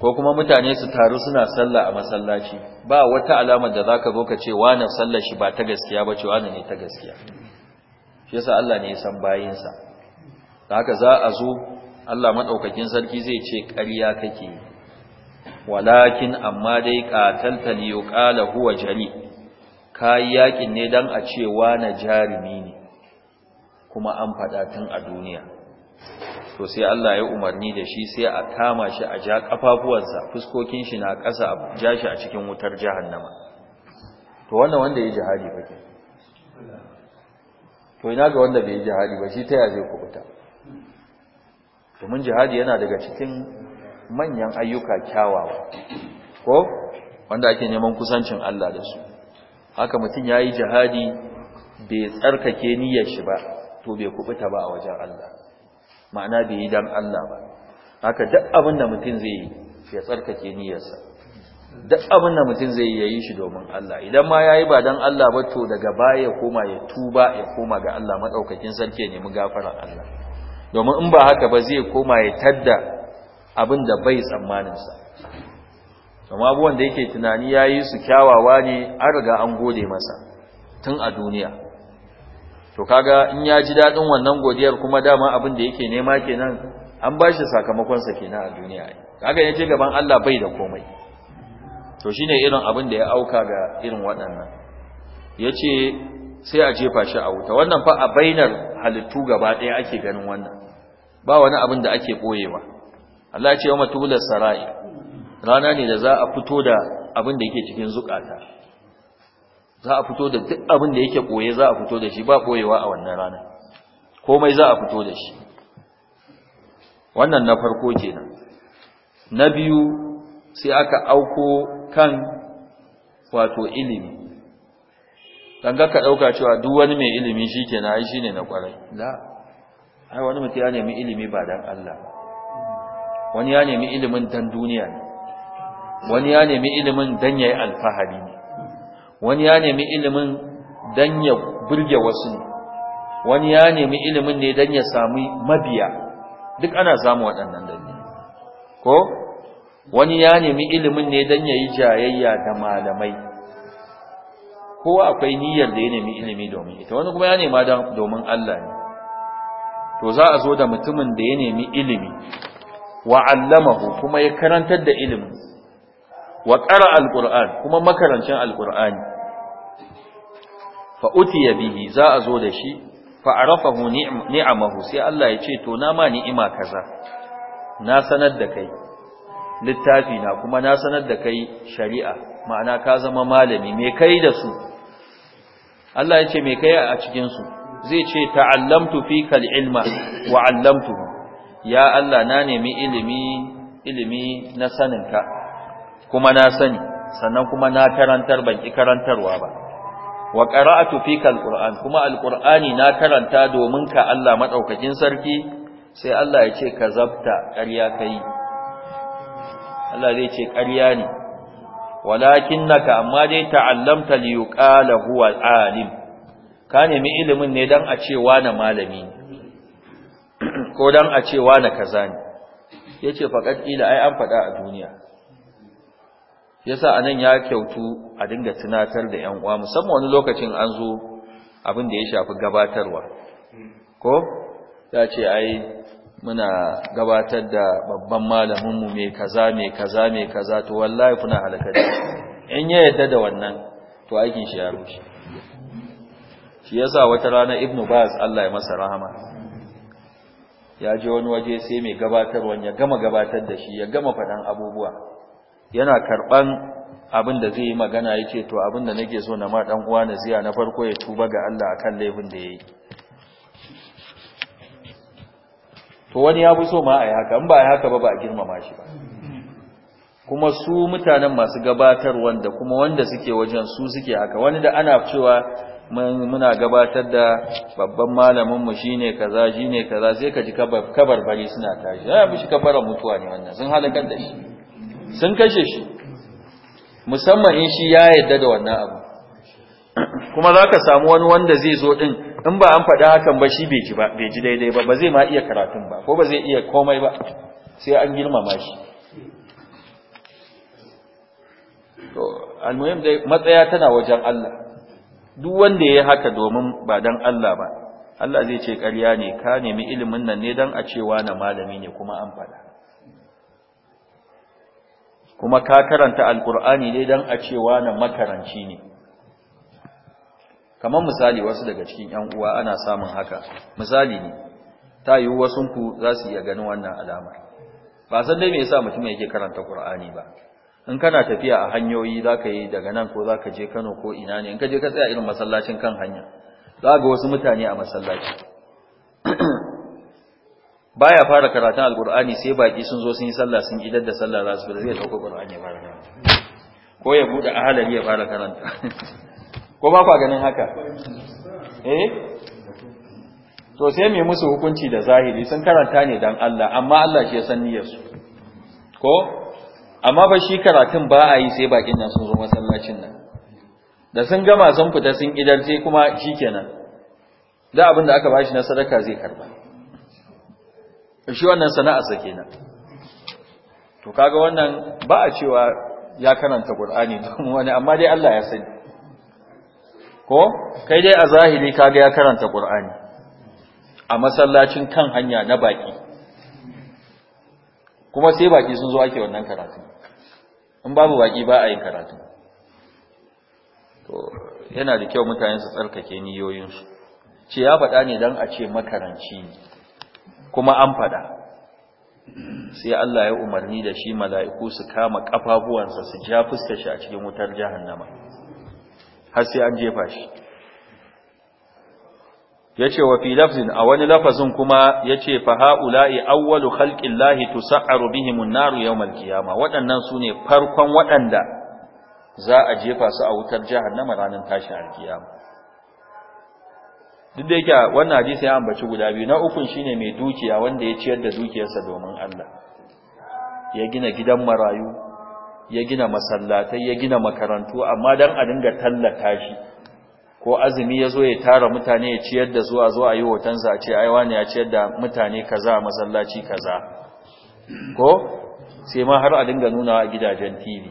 ko kuma mutane su taru suna sallah a masallaci ba wata alama da zaka zo ka ce wani sallar shi ba ta gaskiya ba ce wani ne ta gaskiya shi yasa Allah ne ya san bayinsa da haka za a zo Allah madaukakin sarki zai ce ƙarya kake walakin amma dai qatalta li yuqala huwa jari kai yakin ne dan a ce wani jarumi ne kuma an faɗa tun a duniya to sai Allah ya umarni da shi sai a kama shi a ja kafafuwansa fuskokin shi na ƙasa a ja shi a cikin wutar jahannama to wannan wanda ya jihadi fa to ina ga wanda bai yi jihadi ba shi ta ya zai kubuta domin jihadi yana daga cikin manyan ayyuka kyawawa ko wanda ake neman kusancin Allah da su haka mutum ya yi jihadi bai tsarkake niyyar shi ba to bai kubuta ba a wajen Allah ma'ana bai yi dan Allah ba haka duk abin da mutum zai yi ya tsarkake niyyarsa duk abin da mutum zai yi ya yi shi domin Allah idan ma yayi ba dan Allah ba to daga baya ya koma ya tuba ya koma ga Allah madaukakin sarki ya nemi gafarar Allah domin in ba haka ba zai koma ya tadda abin da bai tsammaninsa amma abuwan da yake tunani ya yi su kyawawa ne an riga an gode masa tun a duniya to kaga in ya ji dadin wannan godiyar kuma dama abin da yake nema kenan an ba shi sakamakon sa kenan a duniya kaga yace gaban Allah bai da komai to shine irin abin da ya auka ga irin waɗannan yace sai a jefa shi a wuta wannan fa a bainar halittu gaba ɗaya ake ganin wannan ba wani abin da ake boyewa Allah ya ce wa sarai rana ne da za a fito da abin da yake cikin zukata za a fito da duk abin da yake koye za a fito da shi ba koyewa a wannan rana komai za a fito da shi wannan na farko kenan na biyu sai aka auko kan wato ilimi danga ka dauka cewa duk wani mai ilimi shikenan ai shine na kwarai la ai wani mutum ya nemi ilimi ba dan Allah wani ya nemi ilimin dan duniya ne wani ya nemi ilimin dan yi alfahari ne wani ya nemi ilimin dan ya burge wasu ne wani ya nemi ilimin ne dan ya sami mabiya duk ana samu waɗannan dalilai ko wani ya nemi ilimin ne dan ya yi jayayya da malamai kowa akwai niyyar da ya nemi ilimi domin ita wani kuma ya nema domin Allah ne to za a zo da mutumin da ya nemi ilimi wa allamahu kuma ya karantar da ilimin wa qara alquran kuma makarancin alqurani fa utiya bihi za a zo da shi fa arafahu ni'amahu sai Allah ya ce to na ma ni'ima kaza na sanar da kai littafi na kuma na sanar da kai shari'a ma'ana ka zama malami mai kai da su Allah ya ce mai kai a cikin su zai ce ta'allamtu fika al-ilma wa 'allamtuhu ya Allah na nemi ilimi ilimi na saninka kuma na sani sannan kuma na karantar ban ki karantarwa ba wa qara'atu fika alquran kuma alqurani na karanta domin ka Allah madaukakin sarki sai Allah ya ce ka zabta ƙarya kai Allah zai ce ƙarya ne walakinnaka amma dai ta'allamta liyuqala huwa alim ka nemi ilimin ne dan a ce wani malami ko dan a ce wani kaza ne yace faqat ila ai an fada a duniya yasa anan ya kyautu a dinga tunatar da ƴan uwa musamman wani lokacin an zo abin da ya shafi gabatarwa ko ya ce ai muna gabatar da babban malaminmu mai kaza mai kaza mai kaza to wallahi kuna halakar in ya yadda da wannan to aikin shi ya rushe shi yasa wata rana ibnu baz Allah ya masa rahama ya je wani waje sai mai gabatarwa ya gama gabatar da shi ya gama faɗan abubuwa yana karban abin da zai yi magana ya ce to abin da nake so na ma dan uwa na ziya na farko ya tuba ga Allah akan laifin da ya yi. to wani ya fi so ma a yi haka in ba a yi haka ba ba a girmama shi ba kuma su mutanen masu gabatar wanda kuma wanda suke wajen su suke haka wani da ana cewa muna gabatar da babban malaminmu shi ne kaza shi ne kaza sai ka ji bari suna tashi ya fi shi kabarar mutuwa ne wannan sun halakar da shi sun kashe shi musamman in shi ya yadda da wannan abu kuma za ka samu wani wanda zai zo ɗin in ba an faɗi hakan ba shi bai ji daidai ba ba zai ma iya karatun ba ko ba zai iya komai ba sai an girmama shi to almuhim dai matsaya tana wajen Allah duk wanda ya yi haka domin ba dan Allah ba Allah zai ce ƙarya ne ka nemi ilimin nan ne dan a cewa na malami ne kuma an faɗa kuma ka karanta alkur'ani ne don a cewa nan makaranci ne kamar misali wasu daga cikin ‘yan uwa ana samun haka misali ne ta yi wasunku za su iya ganin wannan alamar ba san dai me yasa mutum yake karanta ƙur'ani ba in kana tafiya a hanyoyi za ka yi daga nan ko za ka je kano ko ina ne in ka je ka tsaya irin masallacin kan hanya za ga wasu mutane a masallaci baya fara karatun Alkur'ani sai baki sun zo sun yi sallah sun idar da sallah za su zai dauko qur'ani ya fara karanta ko ya bude ahalari ya fara karanta ko ba kwa ganin haka eh to sai mai musu hukunci da zahiri sun karanta ne dan Allah amma Allah shi ya san niyyarsu ko amma ba shi karatun ba a yi sai bakin nan sun zo masallacin nan da sun gama sun fita sun idar sai kuma shikenan da abin da aka bashi na sadaka zai karba shi wannan sana'arsa kenan to kaga wannan ba a cewa ya karanta Qur'ani domin wani amma dai Allah ya sani ko kai dai a zahiri kaga ya karanta Qur'ani a masallacin kan hanya na baki kuma sai baki sun zo ake wannan karatu in babu baki ba a yin karatu to yana da kyau mutane su tsarkake niyoyinsu ce ya faɗa ne don a ce makaranci ne kuma an faɗa sai Allah ya umarni da shi mala'iku su kama ƙafafuwansa su ja fuska shi a cikin wutar jahannama har sai an jefa shi yace wa fi lafzin a wani lafazin kuma yace fa haula'i awwalu khalqillahi tus'aru bihim an-nar yawm al-qiyamah waɗannan sune farkon waɗanda za a jefa su a wutar jahannama ranar tashin al duk da yake wannan hadisi ya ambaci guda biyu na ukun shine mai dukiya wanda ya ciyar da dukiyarsa domin Allah ya gina gidan marayu ya gina masallatai ya gina makarantu amma dan a dinga tallata shi ko azumi yazo ya tara mutane ya ciyar da zuwa zuwa yi hoton sa ce ai wani ya ciyar da mutane kaza masallaci kaza ko sai ma har a dinga nunawa a gidajen TV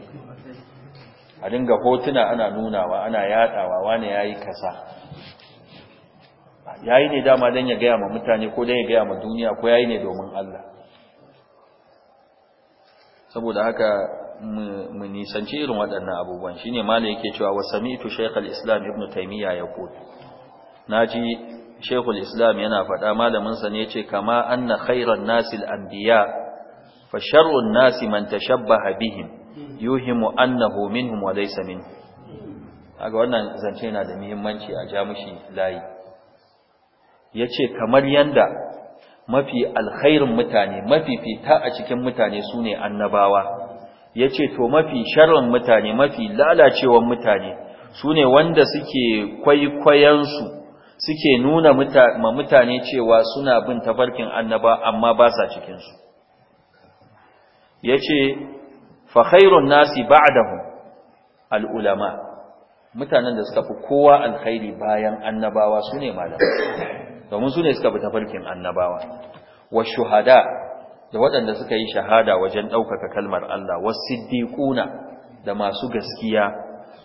a dinga hotuna ana nunawa ana yadawa wani yayi kasa. yayi ne dama dan ya gaya ma mutane ko dan ya gaya ma duniya ko yayi ne domin Allah saboda haka mu nisanci irin waɗannan abubuwan shine malai yake cewa wasamitu shaykhul islam ibnu taymiya yaqul naji shaykhul islam yana faɗa malamin sa ne yace kama anna khairan nasil anbiya fa sharrun nasi man tashabbaha bihim yuhimu annahu minhum wa laysa minhum aga wannan zance yana da muhimmanci a ja mushi layi ya ce kamar yanda mafi alkhairin mutane mafi fita a cikin mutane su ne annabawa ya ce to mafi sharrin mutane mafi lalacewan mutane su ne wanda suke kwaikwayensu suke nuna ma mutane cewa suna bin tafarkin annaba amma ba sa cikinsu ya ce fa khairun nasi ba'dahu al'ulama mutanen da suka fi kowa alkhairi bayan annabawa su ne malamai domin su ne suka bi tafarkin annabawa wa shuhada da waɗanda suka yi shahada wajen ɗaukaka kalmar Allah wa siddiquna da masu gaskiya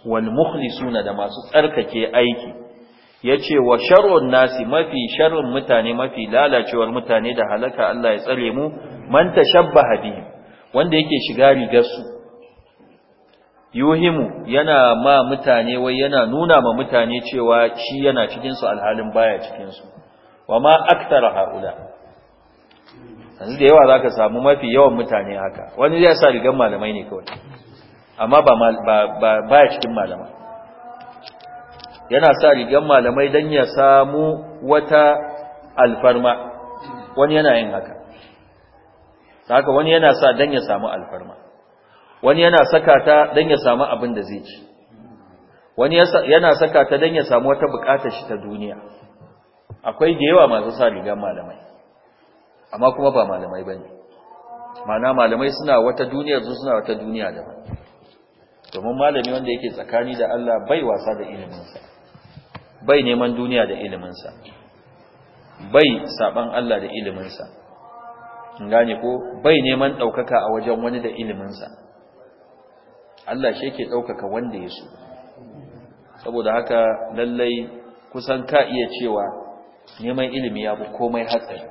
wal mukhlisuna da masu tsarkake aiki yace wa sharrun nasi mafi sharrun mutane mafi lalacewar mutane da halaka Allah ya tsare mu man tashabbaha bihim wanda yake shiga rigar su yuhimu yana ma mutane wai yana nuna ma mutane cewa shi yana cikin su alhalin baya cikin su wa ma akthara haula yanzu da yawa zaka samu mafi yawan mutane haka wani zai sa rigan malamai ne kawai amma ba ba ba cikin malama yana sa rigan malamai dan ya samu wata alfarma wani yana yin haka haka wani yana sa dan ya samu alfarma wani yana saka ta dan ya samu abin da zai ci wani yana saka ta dan ya samu wata bukatar shi ta duniya akwai da yawa masu sa rigar malamai amma kuma ba malamai bane mana malamai suna wata duniya su suna wata duniya daban domin malami wanda yake tsakani da Allah bai wasa da iliminsa bai neman duniya da iliminsa bai saban Allah da iliminsa gane ko bai neman ɗaukaka a wajen wani da iliminsa Allah shi yake ɗaukaka wanda ya so saboda haka lallai kusan ka iya cewa neman ilimi ya fi komai hatsari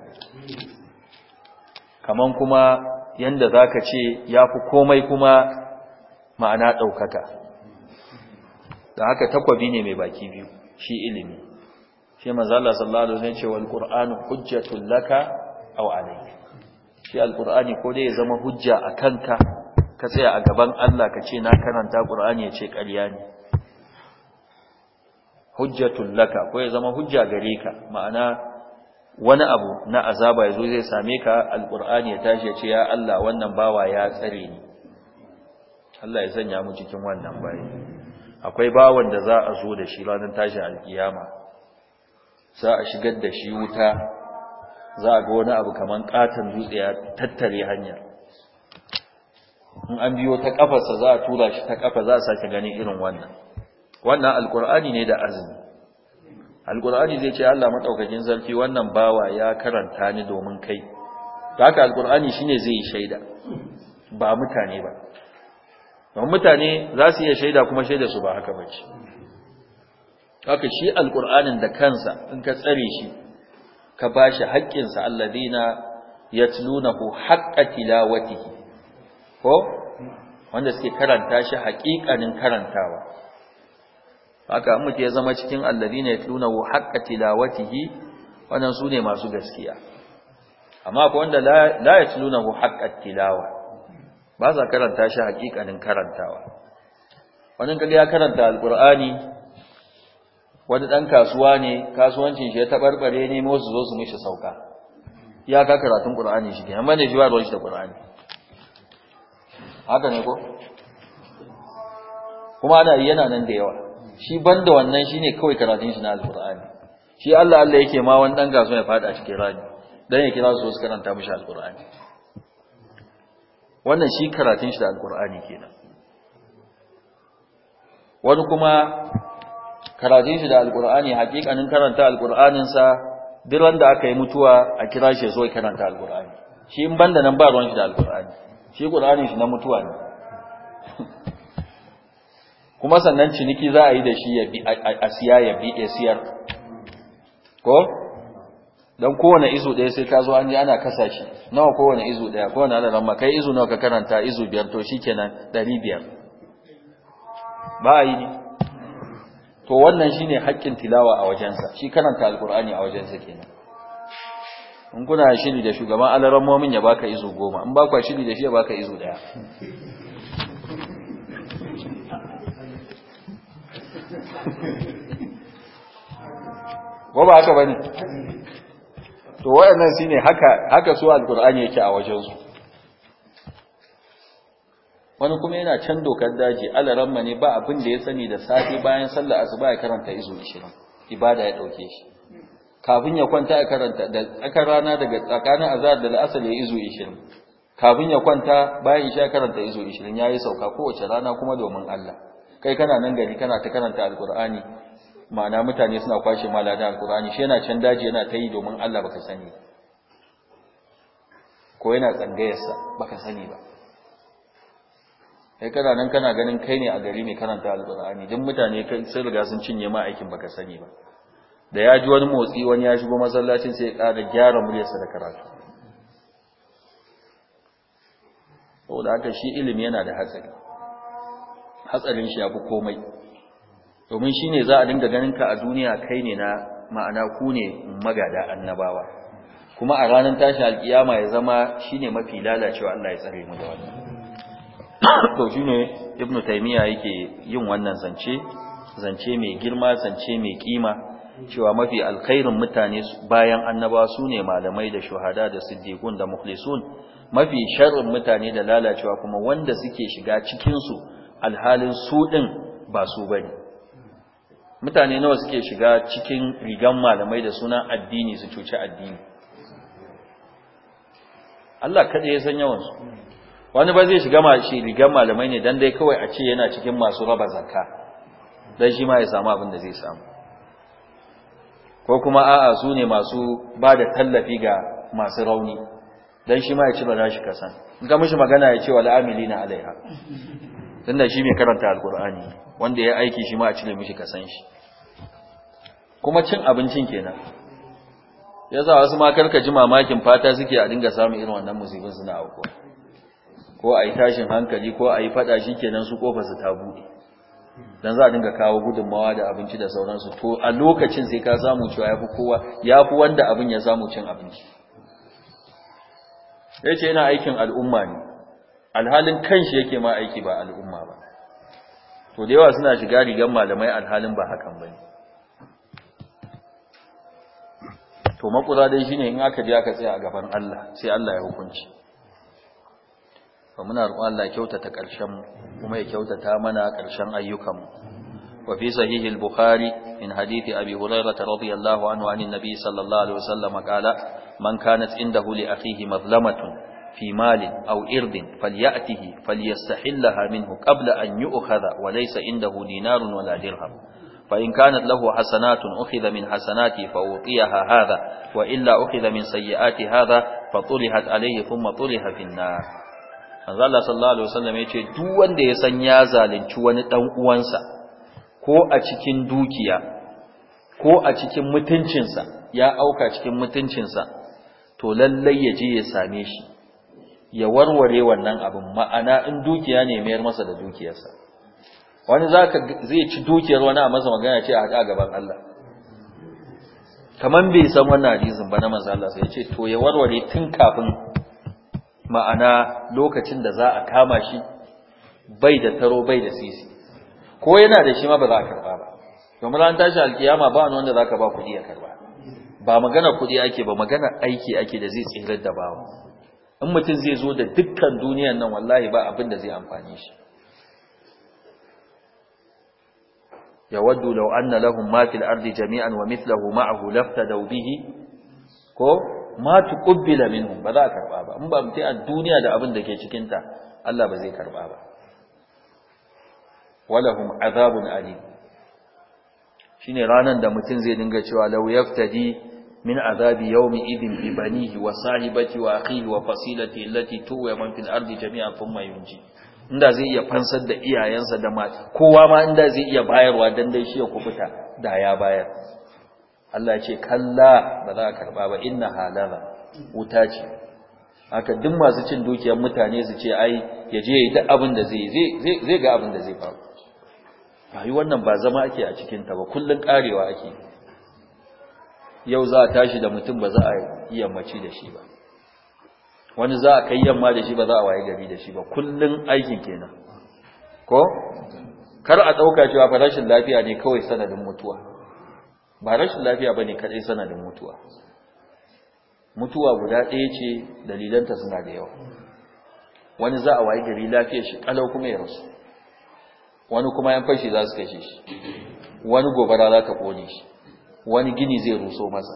Kamar kuma yadda za ka ce ya fi komai kuma ma'ana ɗaukaka da haka takwabi ne mai baki biyu shi ilimi shi manzala sallallahu alaihi ce hujjatul laka aw alayk shi alƙur'ani ko dai ya zama hujja a ka ka tsaya a gaban Allah ka ce na karanta ƙurani ya ce ƙarya ne hujjatul laka ko ya zama hujja gare ka ma'ana wani abu na azaba yazo zai same ka alqur'ani ya tashi ya ce ya Allah wannan bawa ya tsare ni Allah ya sanya mu cikin wannan bayi akwai bawan da za a zo da shi ranar tashin alkiyama za a shigar da shi wuta za a ga wani abu kaman katon dutse ya tattare hanyar in an biyo ta kafarsa za a tura shi ta kafa za a sake ganin irin wannan wannan alkur'ani ne da azumi alkur'ani zai ce Allah madaukakin sarki wannan bawa ya karanta ni domin kai haka alkur'ani shine zai yi shaida ba mutane ba don mutane za su iya shaida kuma shaida su ba haka bace haka shi alkur'anin da kansa in ka tsare shi ka bashi sa alladina yatlunahu haqqa tilawatihi ko wanda suke karanta shi haƙiƙanin karantawa haka mu muke zama cikin yatluna wa haqqa tilawatihi wannan sune masu gaskiya amma ko wanda la wa haqqa tilawa ba za karanta shi hakikanin karantawa wannan kaga ya karanta alqur'ani wani dan kasuwa ne kasuwancin shi ya tabarbare ne mu su zo su mishi sauka ya ka karatun qur'ani shi kenan bane shi ba ruwan shi da qur'ani haka ne ko kuma ana yana nan da yawa shi banda wannan shine kawai karatun shi na alqur'ani shi Allah Allah yake ma wani dan gaso ya fada cikin rani dan ya kira su su karanta mishi alqur'ani wannan shi karatun shi da alqur'ani kenan wani kuma karatun shi da alqur'ani hakikanin karanta alqur'anin sa duk wanda aka yi mutuwa a kira shi zo ya karanta alqur'ani shi in banda nan ba ruwan shi da alqur'ani shi qur'ani shi na mutuwa ne kuma sannan ciniki za a yi da shi a siya ya bi a siyar ko don kowane izu ɗaya sai ka zo an ji ana kasa shi nawa kowane izu ɗaya kowane ana ramma kai izu nawa ka karanta izu biyar to shi kenan ɗari biyar ba a yi ne to wannan shi ne haƙƙin tilawa a wajensa shi karanta alkur'ani a wajensa kenan in kuna shiri da shugaban alarammomin ya baka izu goma in ba kwa shiri da shi ya baka izu ɗaya ko ba haka bane to wayannan shine haka haka su alqur'ani yake a wajen su wani kuma yana can dokar daji alaramma ne ba abin da ya sani da safe bayan sallar asuba ya karanta izo 20 ibada ya dauke shi kafin ya kwanta ya karanta da tsakar rana daga tsakanin azhar da al'asr ya izo 20 kafin ya kwanta bayan isha karanta izo 20 yi sauka kowace rana kuma domin Allah kai kana nan gari kana ta karanta alkur'ani ma'ana mutane suna kwashe ma ladan alkur'ani shi yana can daji yana ta yi domin Allah baka sani ko yana tsangayarsa baka sani ba kai kana nan kana ganin kai ne a gari mai karanta alkur'ani duk mutane sun riga sun cinye ma aikin baka sani ba da ya ji wani motsi wani ya shigo masallacin sai ya ƙara gyara muryarsa da karatu saboda haka shi ilimi yana da hatsari hatsarin shi fi komai domin shine za a dinga ganin ka a duniya kai ne na ma'ana ku ne magada annabawa kuma a ranar tashin alkiyama ya zama shine mafi lalacewa Allah ya tsare mu da wannan to shine ibnu taymiya yake yin wannan zance zance mai girma zance mai kima cewa mafi alkhairin mutane bayan annabawa ne malamai da shuhada da siddiqun da mukhlisun mafi sharrin mutane da lalacewa kuma wanda suke shiga cikin su alhalin su din ba su bane mutane nawa suke shiga cikin rigan malamai da suna addini su cuci addini Allah kada ya san yawan wani ba zai shiga mashi rigan malamai ne dan dai kawai a ce yana cikin masu raba zakka dan shi ma ya samu abin da zai samu ko kuma a'a su ne masu ba da tallafi ga masu rauni don shi ma ya ci ba shi kasan in ka mishi magana ya ce wa la'amili na alaiha tunda shi mai karanta alkur'ani wanda ya aiki shi ma a cire mishi kasan shi kuma cin abincin kenan ya za wasu ma karka ji mamakin fata suke a dinga samun irin wannan musibin suna aukuwa ko a yi tashin hankali ko a yi fada shi kenan su kofa su ta buɗe dan za a dinga kawo gudunmawa da abinci da sauransu to a lokacin sai ka samu cewa ya fi kowa ya fi wanda abin ya samu cin abinci ya ce yana aikin al'umma ne alhalin kanshi yake ma aiki ba al'umma ba to da yawa suna shiga rigar malamai alhalin ba hakan ne. to makura dai shine in aka ji aka tsaya a gaban Allah sai Allah ya hukunci fa muna roƙon Allah kyautata ƙarshen mu kuma ya kyautata mana ƙarshen ayyukan mu wa fi al-bukhari min hadithi abi hurairah radiyallahu anhu anin nabi sallallahu alaihi wasallam qala man kanat indahu li akhihi mazlamatun fi malin aw irdin falyatihi falyastahillaha minhu qabla an yu'khadha wa laysa indahu dinarun wala dirham fa in kanat lahu hasanatun ukhidha min hasanati fa utiyaha hadha wa illa ukhidha min sayyiati hadha fa tulihat alayhi thumma tuliha fi an-nar manzo Allah sallallahu alaihi wasallam yace duk wanda ya san ya zalunci wani dan uwansa ko a cikin dukiya ko a cikin mutuncinsa ya auka cikin mutuncinsa to lallai ya je ya same shi ya warware wannan abin ma'ana in dukiya ne mayar masa da dukiyarsa wani zaka zai ci dukiyar wani a masa magana ce a gaban Allah Kamar bai san wannan hadisin ba na manzo Allah sai ya ce to ya warware tun kafin ma'ana lokacin da za a kama shi bai da taro bai da sisi ko yana da shi ma ba za a karba ba kuma ran tashi alkiyama ba wani wanda zaka ba kuɗi ya karba ba magana kuɗi ake ba magana aiki ake da zai tsirar da bawa in mutum zai zo da dukkan duniyan nan wallahi ba abin da zai amfani shi yawaddu law anna lahum ma fil ardi jami'an wa mithluhu ma'ahu laftadaw bihi ko ma tuqbila minhum ba za a karba ba in ba mutum a duniya da abin da ke cikin ta Allah ba zai karba ba walahum azabun alim shine ranan da mutum zai dinga cewa law yaftadi من azabi يوم idin ببنيه وصاحبتي wa sahibati التي توى wa في الأرض جميعا man fil inda zai iya fansar da iyayensa da mata, kowa ma inda zai iya bayarwa dan dai shi ya kubuta da ya bayar Allah ce kalla ba za a karba ba inna halala wuta ce haka duk masu cin dukiyar mutane su ce ai ya je yi duk abin da zai zai ga abin da zai faru rayuwar nan ba zama ake a cikin ta ba kullun karewa ake yau za a tashi da mutum ba za a yi yammaci da shi ba wani za a kai yamma da shi ba za a waye gari da shi ba kullun aikin kenan ko kar a dauka cewa fa rashin lafiya ne kawai sanadin mutuwa ba rashin lafiya bane kadai sanadin mutuwa mutuwa guda ɗaya ce dalilanta suna da yawa wani za a waye gari lafiyar shi kalau kuma ya rasu wani kuma yan fashi za su kashe shi wani gobara za ta kone shi wani gini zai ruso masa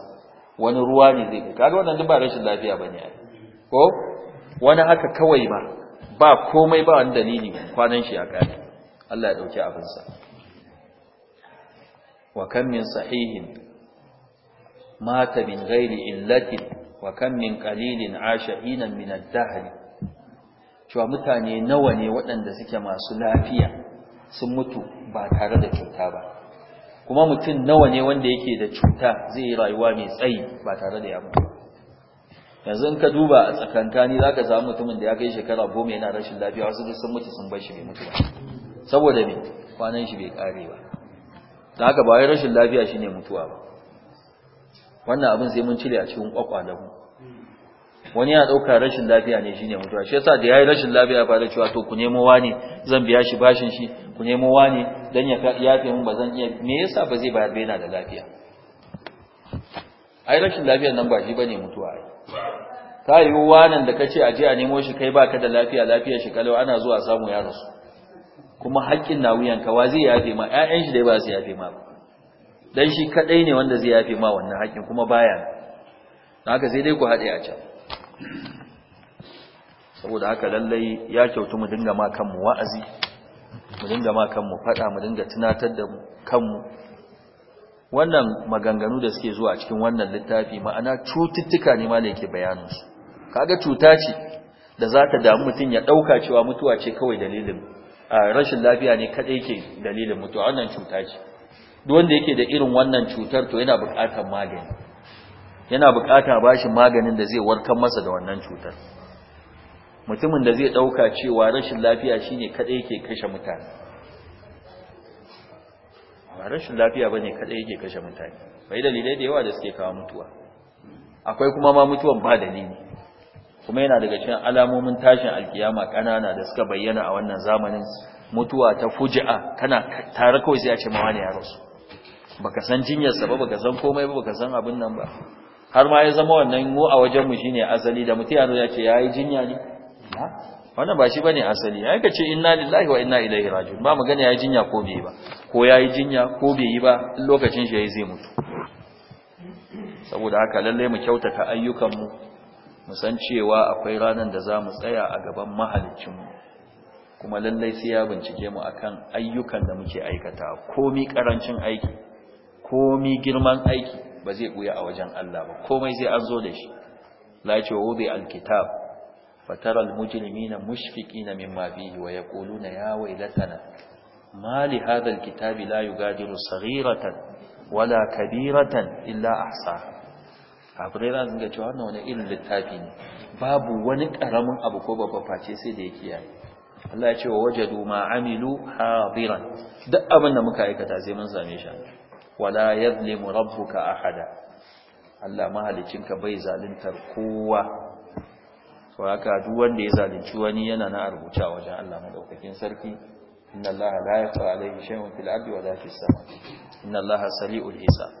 wani ruwa ne zai kaga wannan duk ba rashin lafiya ba ne. ko wani haka kawai ba, ba komai ba wani dalili kwanan shi a kare. Allah ya ɗauki abin sa wa kam min sahihin mata min ghairi illatin wa kam min qalilin asha min ad-dahr cewa mutane nawa ne waɗanda suke masu lafiya sun mutu ba tare da cuta ba kuma mutum nawa ne wanda yake da cuta zai yi rayuwa mai tsayi ba tare da ya mutu yanzu in ka duba a tsakankani za ka samu mutumin da ya kai shekara goma yana rashin lafiya wasu duk sun mutu sun bar shi bai mutu ba saboda me kwanan shi bai kare ba da haka ba wai rashin lafiya shine mutuwa ba wannan abin sai mun cire a cikin kwakwalanmu wani ya ɗauka rashin lafiya ne shine mutuwa shi yasa da yi rashin lafiya ya fara cewa to ku nemo wani zan biya shi bashin shi ku nemo wani dan ya yafe mun bazan iya me yasa ba zai bayar ba yana da lafiya ai rashin lafiyar nan ba shi bane mutuwa ai ka yi wanan da kace aje a nemo shi kai baka da lafiya lafiyar shi kalau ana zuwa samu ya rasu kuma haƙƙin na ka wa zai yafe ma ƴaƴan shi dai ba su yafe ma ba dan shi kadai ne wanda zai yafe ma wannan haƙƙin kuma baya haka sai dai ku haɗe a can saboda haka lallai ya kyautu mu dinga ma kanmu wa'azi mu dinga ma kanmu faɗa mu dinga tunatar da kanmu wannan maganganu da suke zuwa cikin wannan littafi ma'ana cututtuka ne ma da yake bayaninsu kaga cuta ce da za ta damu mutum ya ɗauka cewa mutuwa ce kawai dalilin rashin lafiya ne kaɗai ke dalilin mutuwa wannan cuta ce wanda yake da irin wannan cutar to yana buƙatar magani yana buƙata bashi maganin da zai warkar masa da wannan cutar mutumin da zai ɗauka cewa rashin lafiya shine kada yake kashe mutane ba rashin lafiya bane kada yake kashe mutane bai dalilai da yawa da suke kawo mutuwa akwai kuma ma mutuwan ba dalili kuma yana daga cikin alamomin tashin alkiyama kanana da suka bayyana a wannan zamanin mutuwa ta fuji'a kana tare kawai sai a ce mawane ya rasu baka san jinyarsa ba baka san komai ba baka san abin nan ba har ma ya zama wannan mu a wajenmu shine asali da mutum ya ce yayi jinya ne wannan ba shi bane asali ai kace inna lillahi wa inna ilaihi raji'un ba magana yayi jinya ko bai ba ko yayi jinya ko bai yi ba in lokacin shi yayi zai mutu saboda haka lalle mu kyautata ayyukan mu mu san cewa akwai ranan da zamu tsaya a gaban mahaliccin mu kuma lalle sai ya bincike mu akan ayyukan da muke aikata komi karancin aiki komi girman aiki ba zai buya a wajen Allah ba komai zai an zo da shi la ce wa wudi alkitab فترى المجرمين مشفقين مما فيه ويقولون يا ويلتنا ما لهذا الكتاب لا يغادر صغيرة ولا كبيرة إلا أحصاها kafirai za su ga cewa wannan wani irin littafi ne babu wani ƙaramin abu ko babba face sai da ya kiyaye Allah ya ce wa wajadu duma amilu hadiran duk abin da muka aikata zai mun same shi wala yadlimu rabbuka ahada Allah ka bai zaluntar kowa so haka duk wanda ya zalunci wani yana na rubuta wajen Allah madaukakin sarki inna Allah la yaqta alayhi shay'un fil ardi wa la fis sama inna Allah sari'ul hisab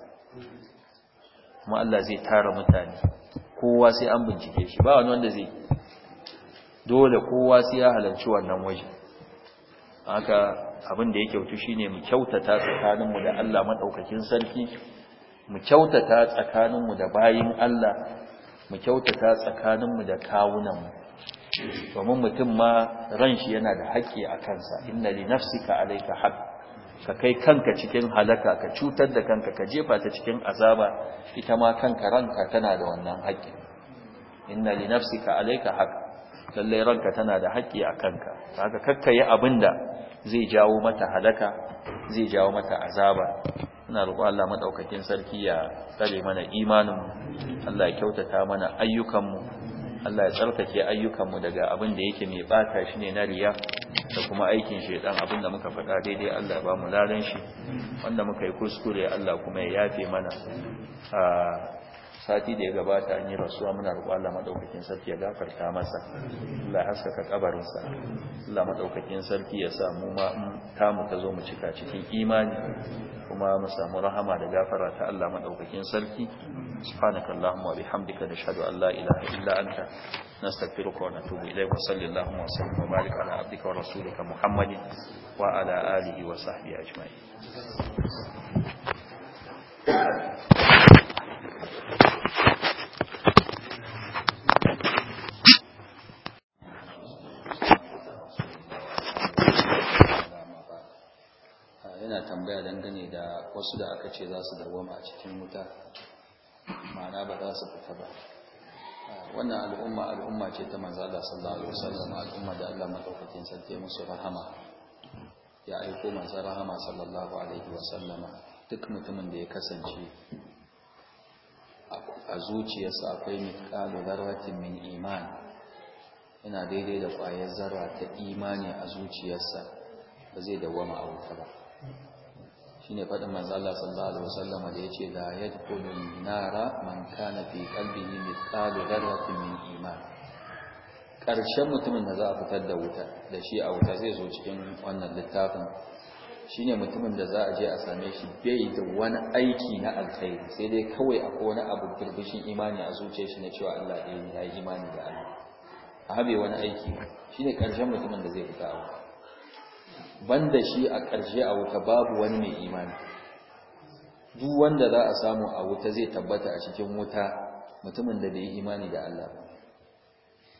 kuma Allah zai tara mutane kowa sai an bincike shi ba wani wanda zai dole kowa sai ya halarci wannan waje haka abin da ya kyautu shine mu kyautata tsakaninmu da Allah madaukakin sarki mu kyautata tsakaninmu da bayin Allah mu kyautata tsakaninmu da kawunanmu domin mutum ma ran shi yana da haƙƙi a kansa inna li nafsika alayka haqq ka kai kanka cikin halaka ka cutar da kanka ka jefa ta cikin azaba ita ma kanka ranka tana da wannan haƙƙi inna li nafsika alayka haqq lalle ranka tana da haƙƙi a kanka haka kakka abinda zai jawo mata halaka zai jawo mata azaba ina roƙo Allah madaukakin sarki ya tsare mana imanin Allah ya kyautata mana ayyukan Allah ya tsarkake ayyukan mu daga abin da yake mai bata shi ne na riya da kuma aikin shedan abin da muka faɗa daidai Allah ya ba mu ladan shi wanda muka yi kuskure Allah kuma ya yafe mana ah, sati da ya gabata an yi rasuwa muna roƙo Allah madaukakin sarki ya gafarta masa Allah ya haskaka kabarin Allah madaukakin sarki ya samu mu tamu ta zo mu cika cikin imani kuma mu samu rahama da gafara ta Allah maɗaukakin sarki subhanakallahumma wa bihamdika nashhadu an la ilaha illa anta نستغفرك ونتوب إليك وصلى اللهم وسلم وبارك على عبدك ورسولك محمد وعلى آله وصحبه أجمعين yana ah, tambaya dangane da wasu da aka ce za su dawama a cikin wuta ma'ana ba za su fita ba ah, wannan al'umma al'umma ce ta manzala sallallahu alaihi wasallam al'umma da Allah madaukakin sarki musu rahama ya aiko manzon rahama sallallahu alaihi wasallam duk mutumin da ya kasance a zuciyarsa akwai mitqalu dharratin min iman yana daidai da ƙwayar zarra ta imani a zuciyarsa ba zai dawama a wuta ba shine faɗin manzo sallallahu alaihi wasallam da yace da yadkhulun nara man kana fi mai mithqalu dharratin min iman ƙarshen mutumin da za a fitar da wuta da shi a wuta zai zo cikin wannan littafin Shi ne mutumin da za a je a same shi bai da wani aiki na alkhairi sai dai kawai a wani abu birbishin imani a zuciyar shi na cewa Allah ɗaya eh, ya yi imani da Allah a habe wani aiki shine ƙarshen mutumin da zai fita a da shi a ƙarshe a wuta babu wani mai imani duk wanda za a samu a wuta zai tabbata a cikin wuta mutumin da bai yi imani da Allah ba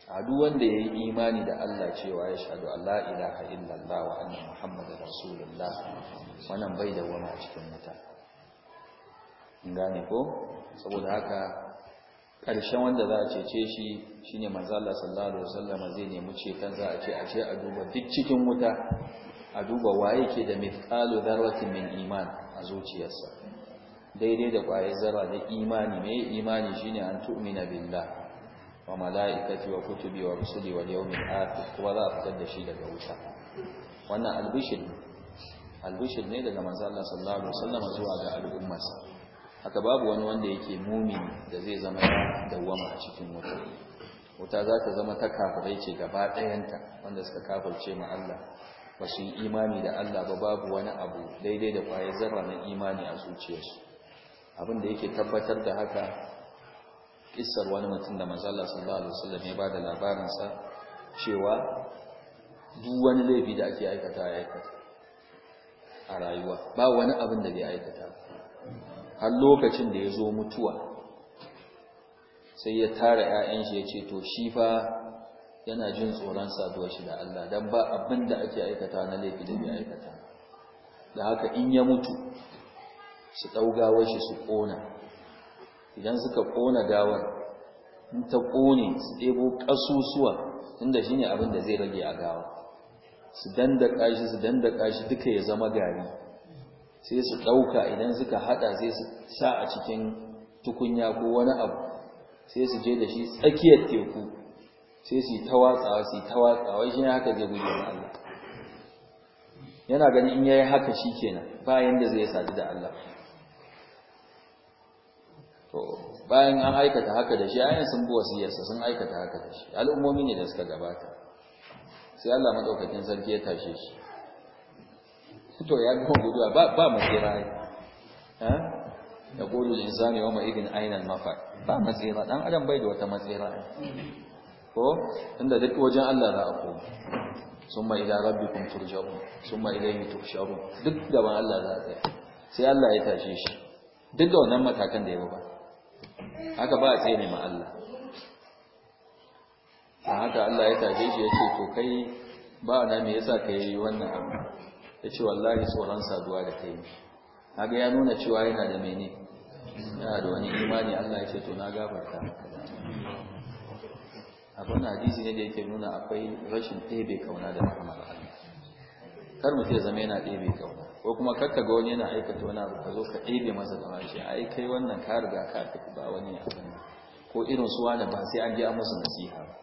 a duk wanda ya yi imani da Allah cewa ya shaɗu Allah ilaha illallah wa annan Muhammadu Rasulullah wannan bai da a cikin wuta. Gane ko? Saboda haka ƙarshen wanda za a cece shi shi ne manzala sallallahu Alaihi wasallam zai nemi ceton za a ce a ce a duba duk cikin wuta a duba waye ke da mithqalu dharratin min iman a zuciyarsa daidai da ƙwayar zara da imani mai imani shine an tu'mina billah wa mala'ikati wa kutubi wa rusuli wa yawmil akhir kuma za a fitar da shi daga wuta wannan albishir ne daga manzo Allah sallallahu alaihi wasallam zuwa ga al'ummarsa haka babu wani wanda yake mumini da zai zama dawwama a cikin wuta wuta za ta zama ta kafirai ce gaba ɗayanta wanda suka kafirce ma Allah ba su yi imani da Allah ba babu wani abu daidai da kwaye zarra na imani a zuciyarsu abin da yake tabbatar da haka kissar wani mutum da manzala sallallahu alaihi wasallam ya bada labarin sa cewa duk wani laifi da ake aikata ya aikata a rayuwa ba wani abin da bai aikata har lokacin da ya zo mutuwa sai ya tara 'ya'yan shi ya ce to shi fa yana jin tsoron saduwa shi da Allah dan ba abin da ake aikata na laifi da bai aikata da haka in ya mutu su ɗaugawar shi su ƙona idan suka kona gawar in ta kone su ɗebo ƙasusuwa inda ne abin da zai rage a gawa su dandaka shi su dandaka shi duka ya zama gari sai su ɗauka idan suka haɗa sai su sa a cikin tukunya ko wani abu sai su je da shi tsakiyar teku sai su yi ta watsawa su yi ta watsawa shi ne haka zai guje Allah yana ganin in yayi haka shikenan ba yanda zai sadu da Allah to bayan an aikata haka da shi ayan sun buwa wasiyarsa sun aikata haka da shi al'ummomi ne da suka gabata sai Allah madaukakin sarki ya tashe shi to ya ga guduwa ba ba masira ai ha eh? ya gulu insani wa ma idin ainan mafar ba masira dan adam bai da wata masira ko inda duk wajen Allah za a koma summa ila rabbikum turja'un summa ilayhi tuhsharun duk gaban Allah za a tsaya sai Allah ya tashe shi duk da wannan matakan da ya ba haka ba a tsene ma Allah a haka Allah ya taje shi ya ce to kai ba na me yasa ka yi wannan abu ya ce wallahi tsoron saduwa da kai haka ya nuna cewa yana da mene yana da wani imani Allah ya ce to na gafarta abin hadisi ne da yake nuna akwai rashin ɗebe kauna da rahmar Allah kar mu ya zama yana ɗebe kauna ko kuma kakka ga wani yana aikata wani abu ka zo ka ɗebe masa kamar shi ai kai wannan ka riga ka tafi ba wani ya ko irin suwa da ba sai an ji an musu nasiha ba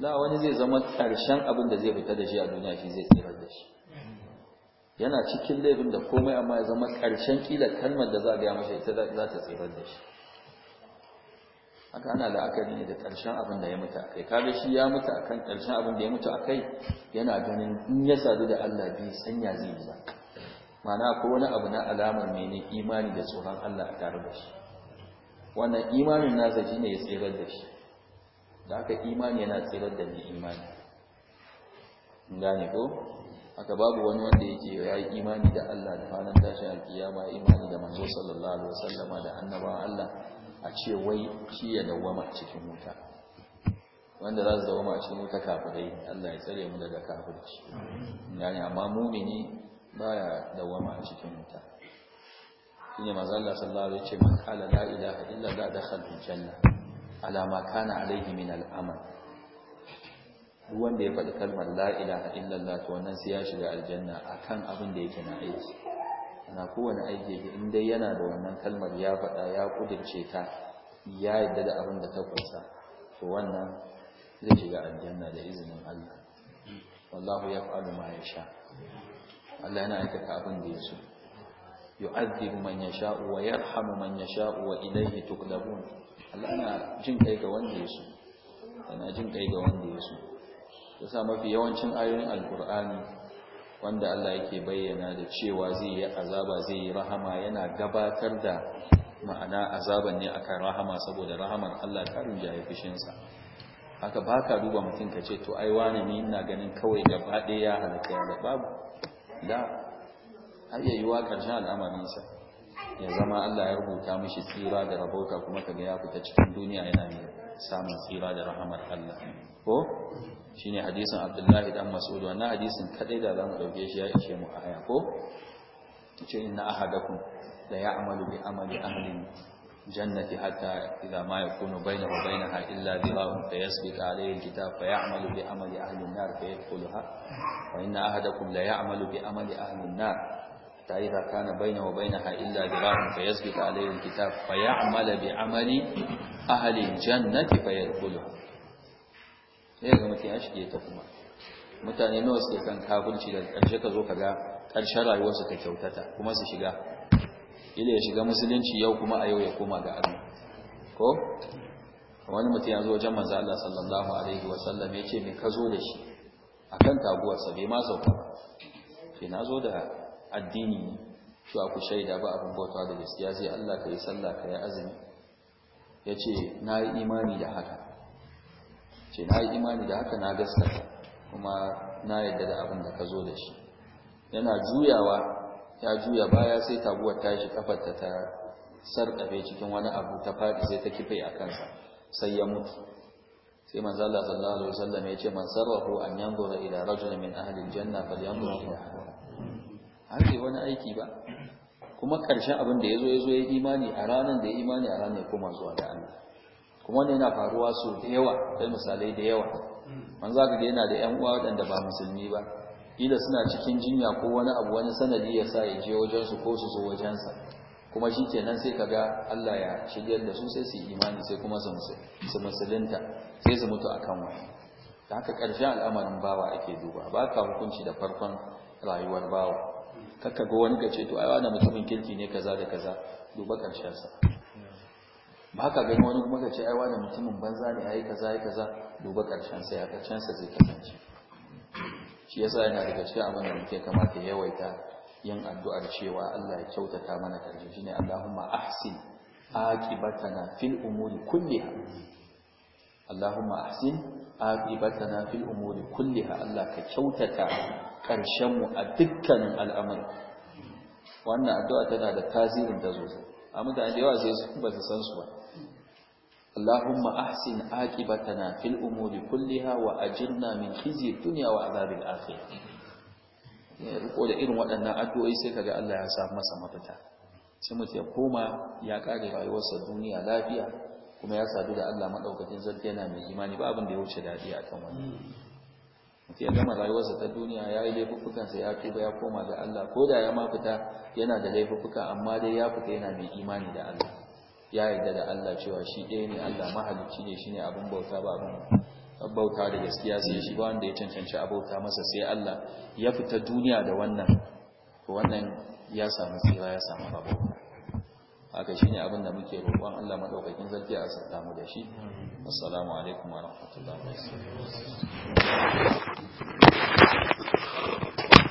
da wani zai zama ƙarshen abin da zai fita da shi a duniya shi zai tsirar da shi yana cikin laifin da komai amma ya zama ƙarshen kila kalmar da za a gaya masa ita za ta tsirar da shi haka ana la'akari ne da ƙarshen abin da ya mutu a kai kaga shi ya mutu a kan ƙarshen abin da ya mutu a kai yana ganin in ya sadu da Allah bai sanya zai yi zaka mana ko wani abu na alamar mene imani da tsoron Allah a tare da shi wannan imanin zaji ne ya tsirar da shi da haka imani yana tsirar da ni imani gane ko haka babu wani wanda yake ya yi imani da Allah da ranar tashin alkiyama ya imani da manzo sallallahu alaihi wasallama da annaba Allah a ce wai shi ya dawama cikin wuta wanda za su dawama cikin wuta kafirai Allah ya tsare mu daga kafirci gane amma mumini baya dawama a cikin wuta shine manzo Allah sallallahu alaihi wasallam man qala la ilaha illa Allah dakhala janna ala ma kana alaihi min al-amal duk wanda ya faɗi kalmar la ilaha illa Allah to wannan sai ya shiga aljanna akan abin da yake na aiki ana kowane aiki yake in dai yana da wannan kalmar ya faɗa ya kudirce ta ya yadda da abin da ta kunsa to wannan zai shiga aljanna da izinin Allah wallahu yaf'alu ma yasha Allah yana aikata abin da ya so yu'adhibu man yasha'u wa yarhamu man yasha'u wa ilayhi tuqlabun Allah yana jin kai ga wanda ya so yana jin kai ga wanda ya so yasa mafi yawancin ayoyin alqur'ani wanda Allah yake bayyana da cewa zai yi azaba zai yi rahama yana gabatar da ma'ana azaban ne akan rahama saboda rahamar Allah karin jaye fishinsa haka baka duba mutum ka ce to ai wani ne ina ganin kawai gaba ɗaya ya halaka ya babu da har ya yi wa al'amarinsa ya zama Allah ya rubuta mishi tsira da rabauta kuma kaga ya fita cikin duniya yana mai samun tsira da rahamar Allah ko shine hadisin Abdullahi dan Mas'ud wannan hadisin kadai da zamu dauke shi ya ishe mu a aya ko ce inna ahadakum la ya'malu bi amali ahli jannati hatta idza ma yakunu bainahu wa bainaha illa dhira'un tayasbiq alayhi alkitab fa ya'malu bi amali ahli an-nar fa yadkhulha wa inna ahadakum la ya'malu bi amali ahli an-nar ta idza kana bainahu wa bainaha illa dhira'un tayasbiq alayhi alkitab fa ya'malu bi amali ahli jannati fa yadkhulha ne mutum ya shige ta kuma mutane nawa suke kan kabulci da ƙarshe ka zo ka ga? karshen rayuwarsa ta kyautata kuma su shiga ila ya shiga musulunci yau kuma a yau ya koma ga Allah ko wani mutum ya zo wajen manzo Allah sallallahu alaihi wa sallam ya ce me ka zo da shi akan sa bai ma sauka ba sai na zo da addini ne shi ku shaida ba abin bautawa da gaskiya sai Allah ka sallah ka azumi ya na yi imani da haka ce na yi imani da haka na gaskata kuma na yarda da abin da ka zo da shi yana juyawa ta juya baya sai taguwar shi kafarta ta sarƙafe cikin wani abu ta faɗi sai ta kife a kansa sai ya mutu sai manzo Allah sallallahu alaihi wasallam ya ce man sarrafu an yanzura ila rajul min ahli aljanna falyanzur ila hake wani aiki ba kuma ƙarshen abin da yazo yazo ya imani a ranan da ya imani a ranan ya koma zuwa ga Allah kuma wannan yana faruwa so da yawa dai misalai da yawa manzo ga yana da ƴan uwa waɗanda ba musulmi ba ila suna cikin jinya ko wani abu wani sanadi ya sa ya je wajensu ko su zo wajensa kuma shi kenan sai kaga Allah ya shigar da su sai su imani sai kuma su su musulunta sai su mutu akan wani da haka ƙarshen al'amarin bawa ake duba ba ka hukunci da farkon rayuwar bawa kakka ga wani kace to ai wani mutumin kirki ne kaza da kaza duba ƙarshen sa ba ka gani wani kuma kace ai wani mutumin banza ne ai kaza ai kaza duba ƙarshen sa ya ƙarshen sa zai kasance shi yasa yana daga cikin abin da muke kamata yawaita yin addu'ar cewa Allah ya kyautata mana karshe shine Allahumma ahsin aqibatana fil umuri kulliha Allahumma ahsin aqibatana fil umuri kulliha Allah ka kyautata karshen mu a dukkanin al'amura wannan addu'a tana da tasirin da zo amma da yawa sai su ba su san su ba اللهم أحسن عاقبتنا في الأمور كلها وأجرنا من خزي الدنيا وعذاب ya riko da irin waɗannan addu'o'i sai kaga Allah ya samu masa mafita sai mutum ya koma ya kare rayuwarsa duniya lafiya kuma ya sadu da Allah madaukakin sarki yana mai imani ba abin da ya wuce dadi akan wani mutum ya gama rayuwarsa ta duniya ya yi laifuffukansa ya tuba ya koma ga Allah ko da ya ma fita yana da laifuffuka amma dai ya fita yana mai imani da Allah ya yarda da Allah cewa shi ɗaya ne Allah mahalicci ne shine abin bauta ba abin bauta da gaskiya sai shi ba wanda ya cancanci abauta masa sai Allah ya fita duniya da wannan to wannan ya samu tsira ya samu babu haka shine abin da muke roƙon Allah madaukakin sarki a saka mu da shi assalamu alaikum wa rahmatullahi wa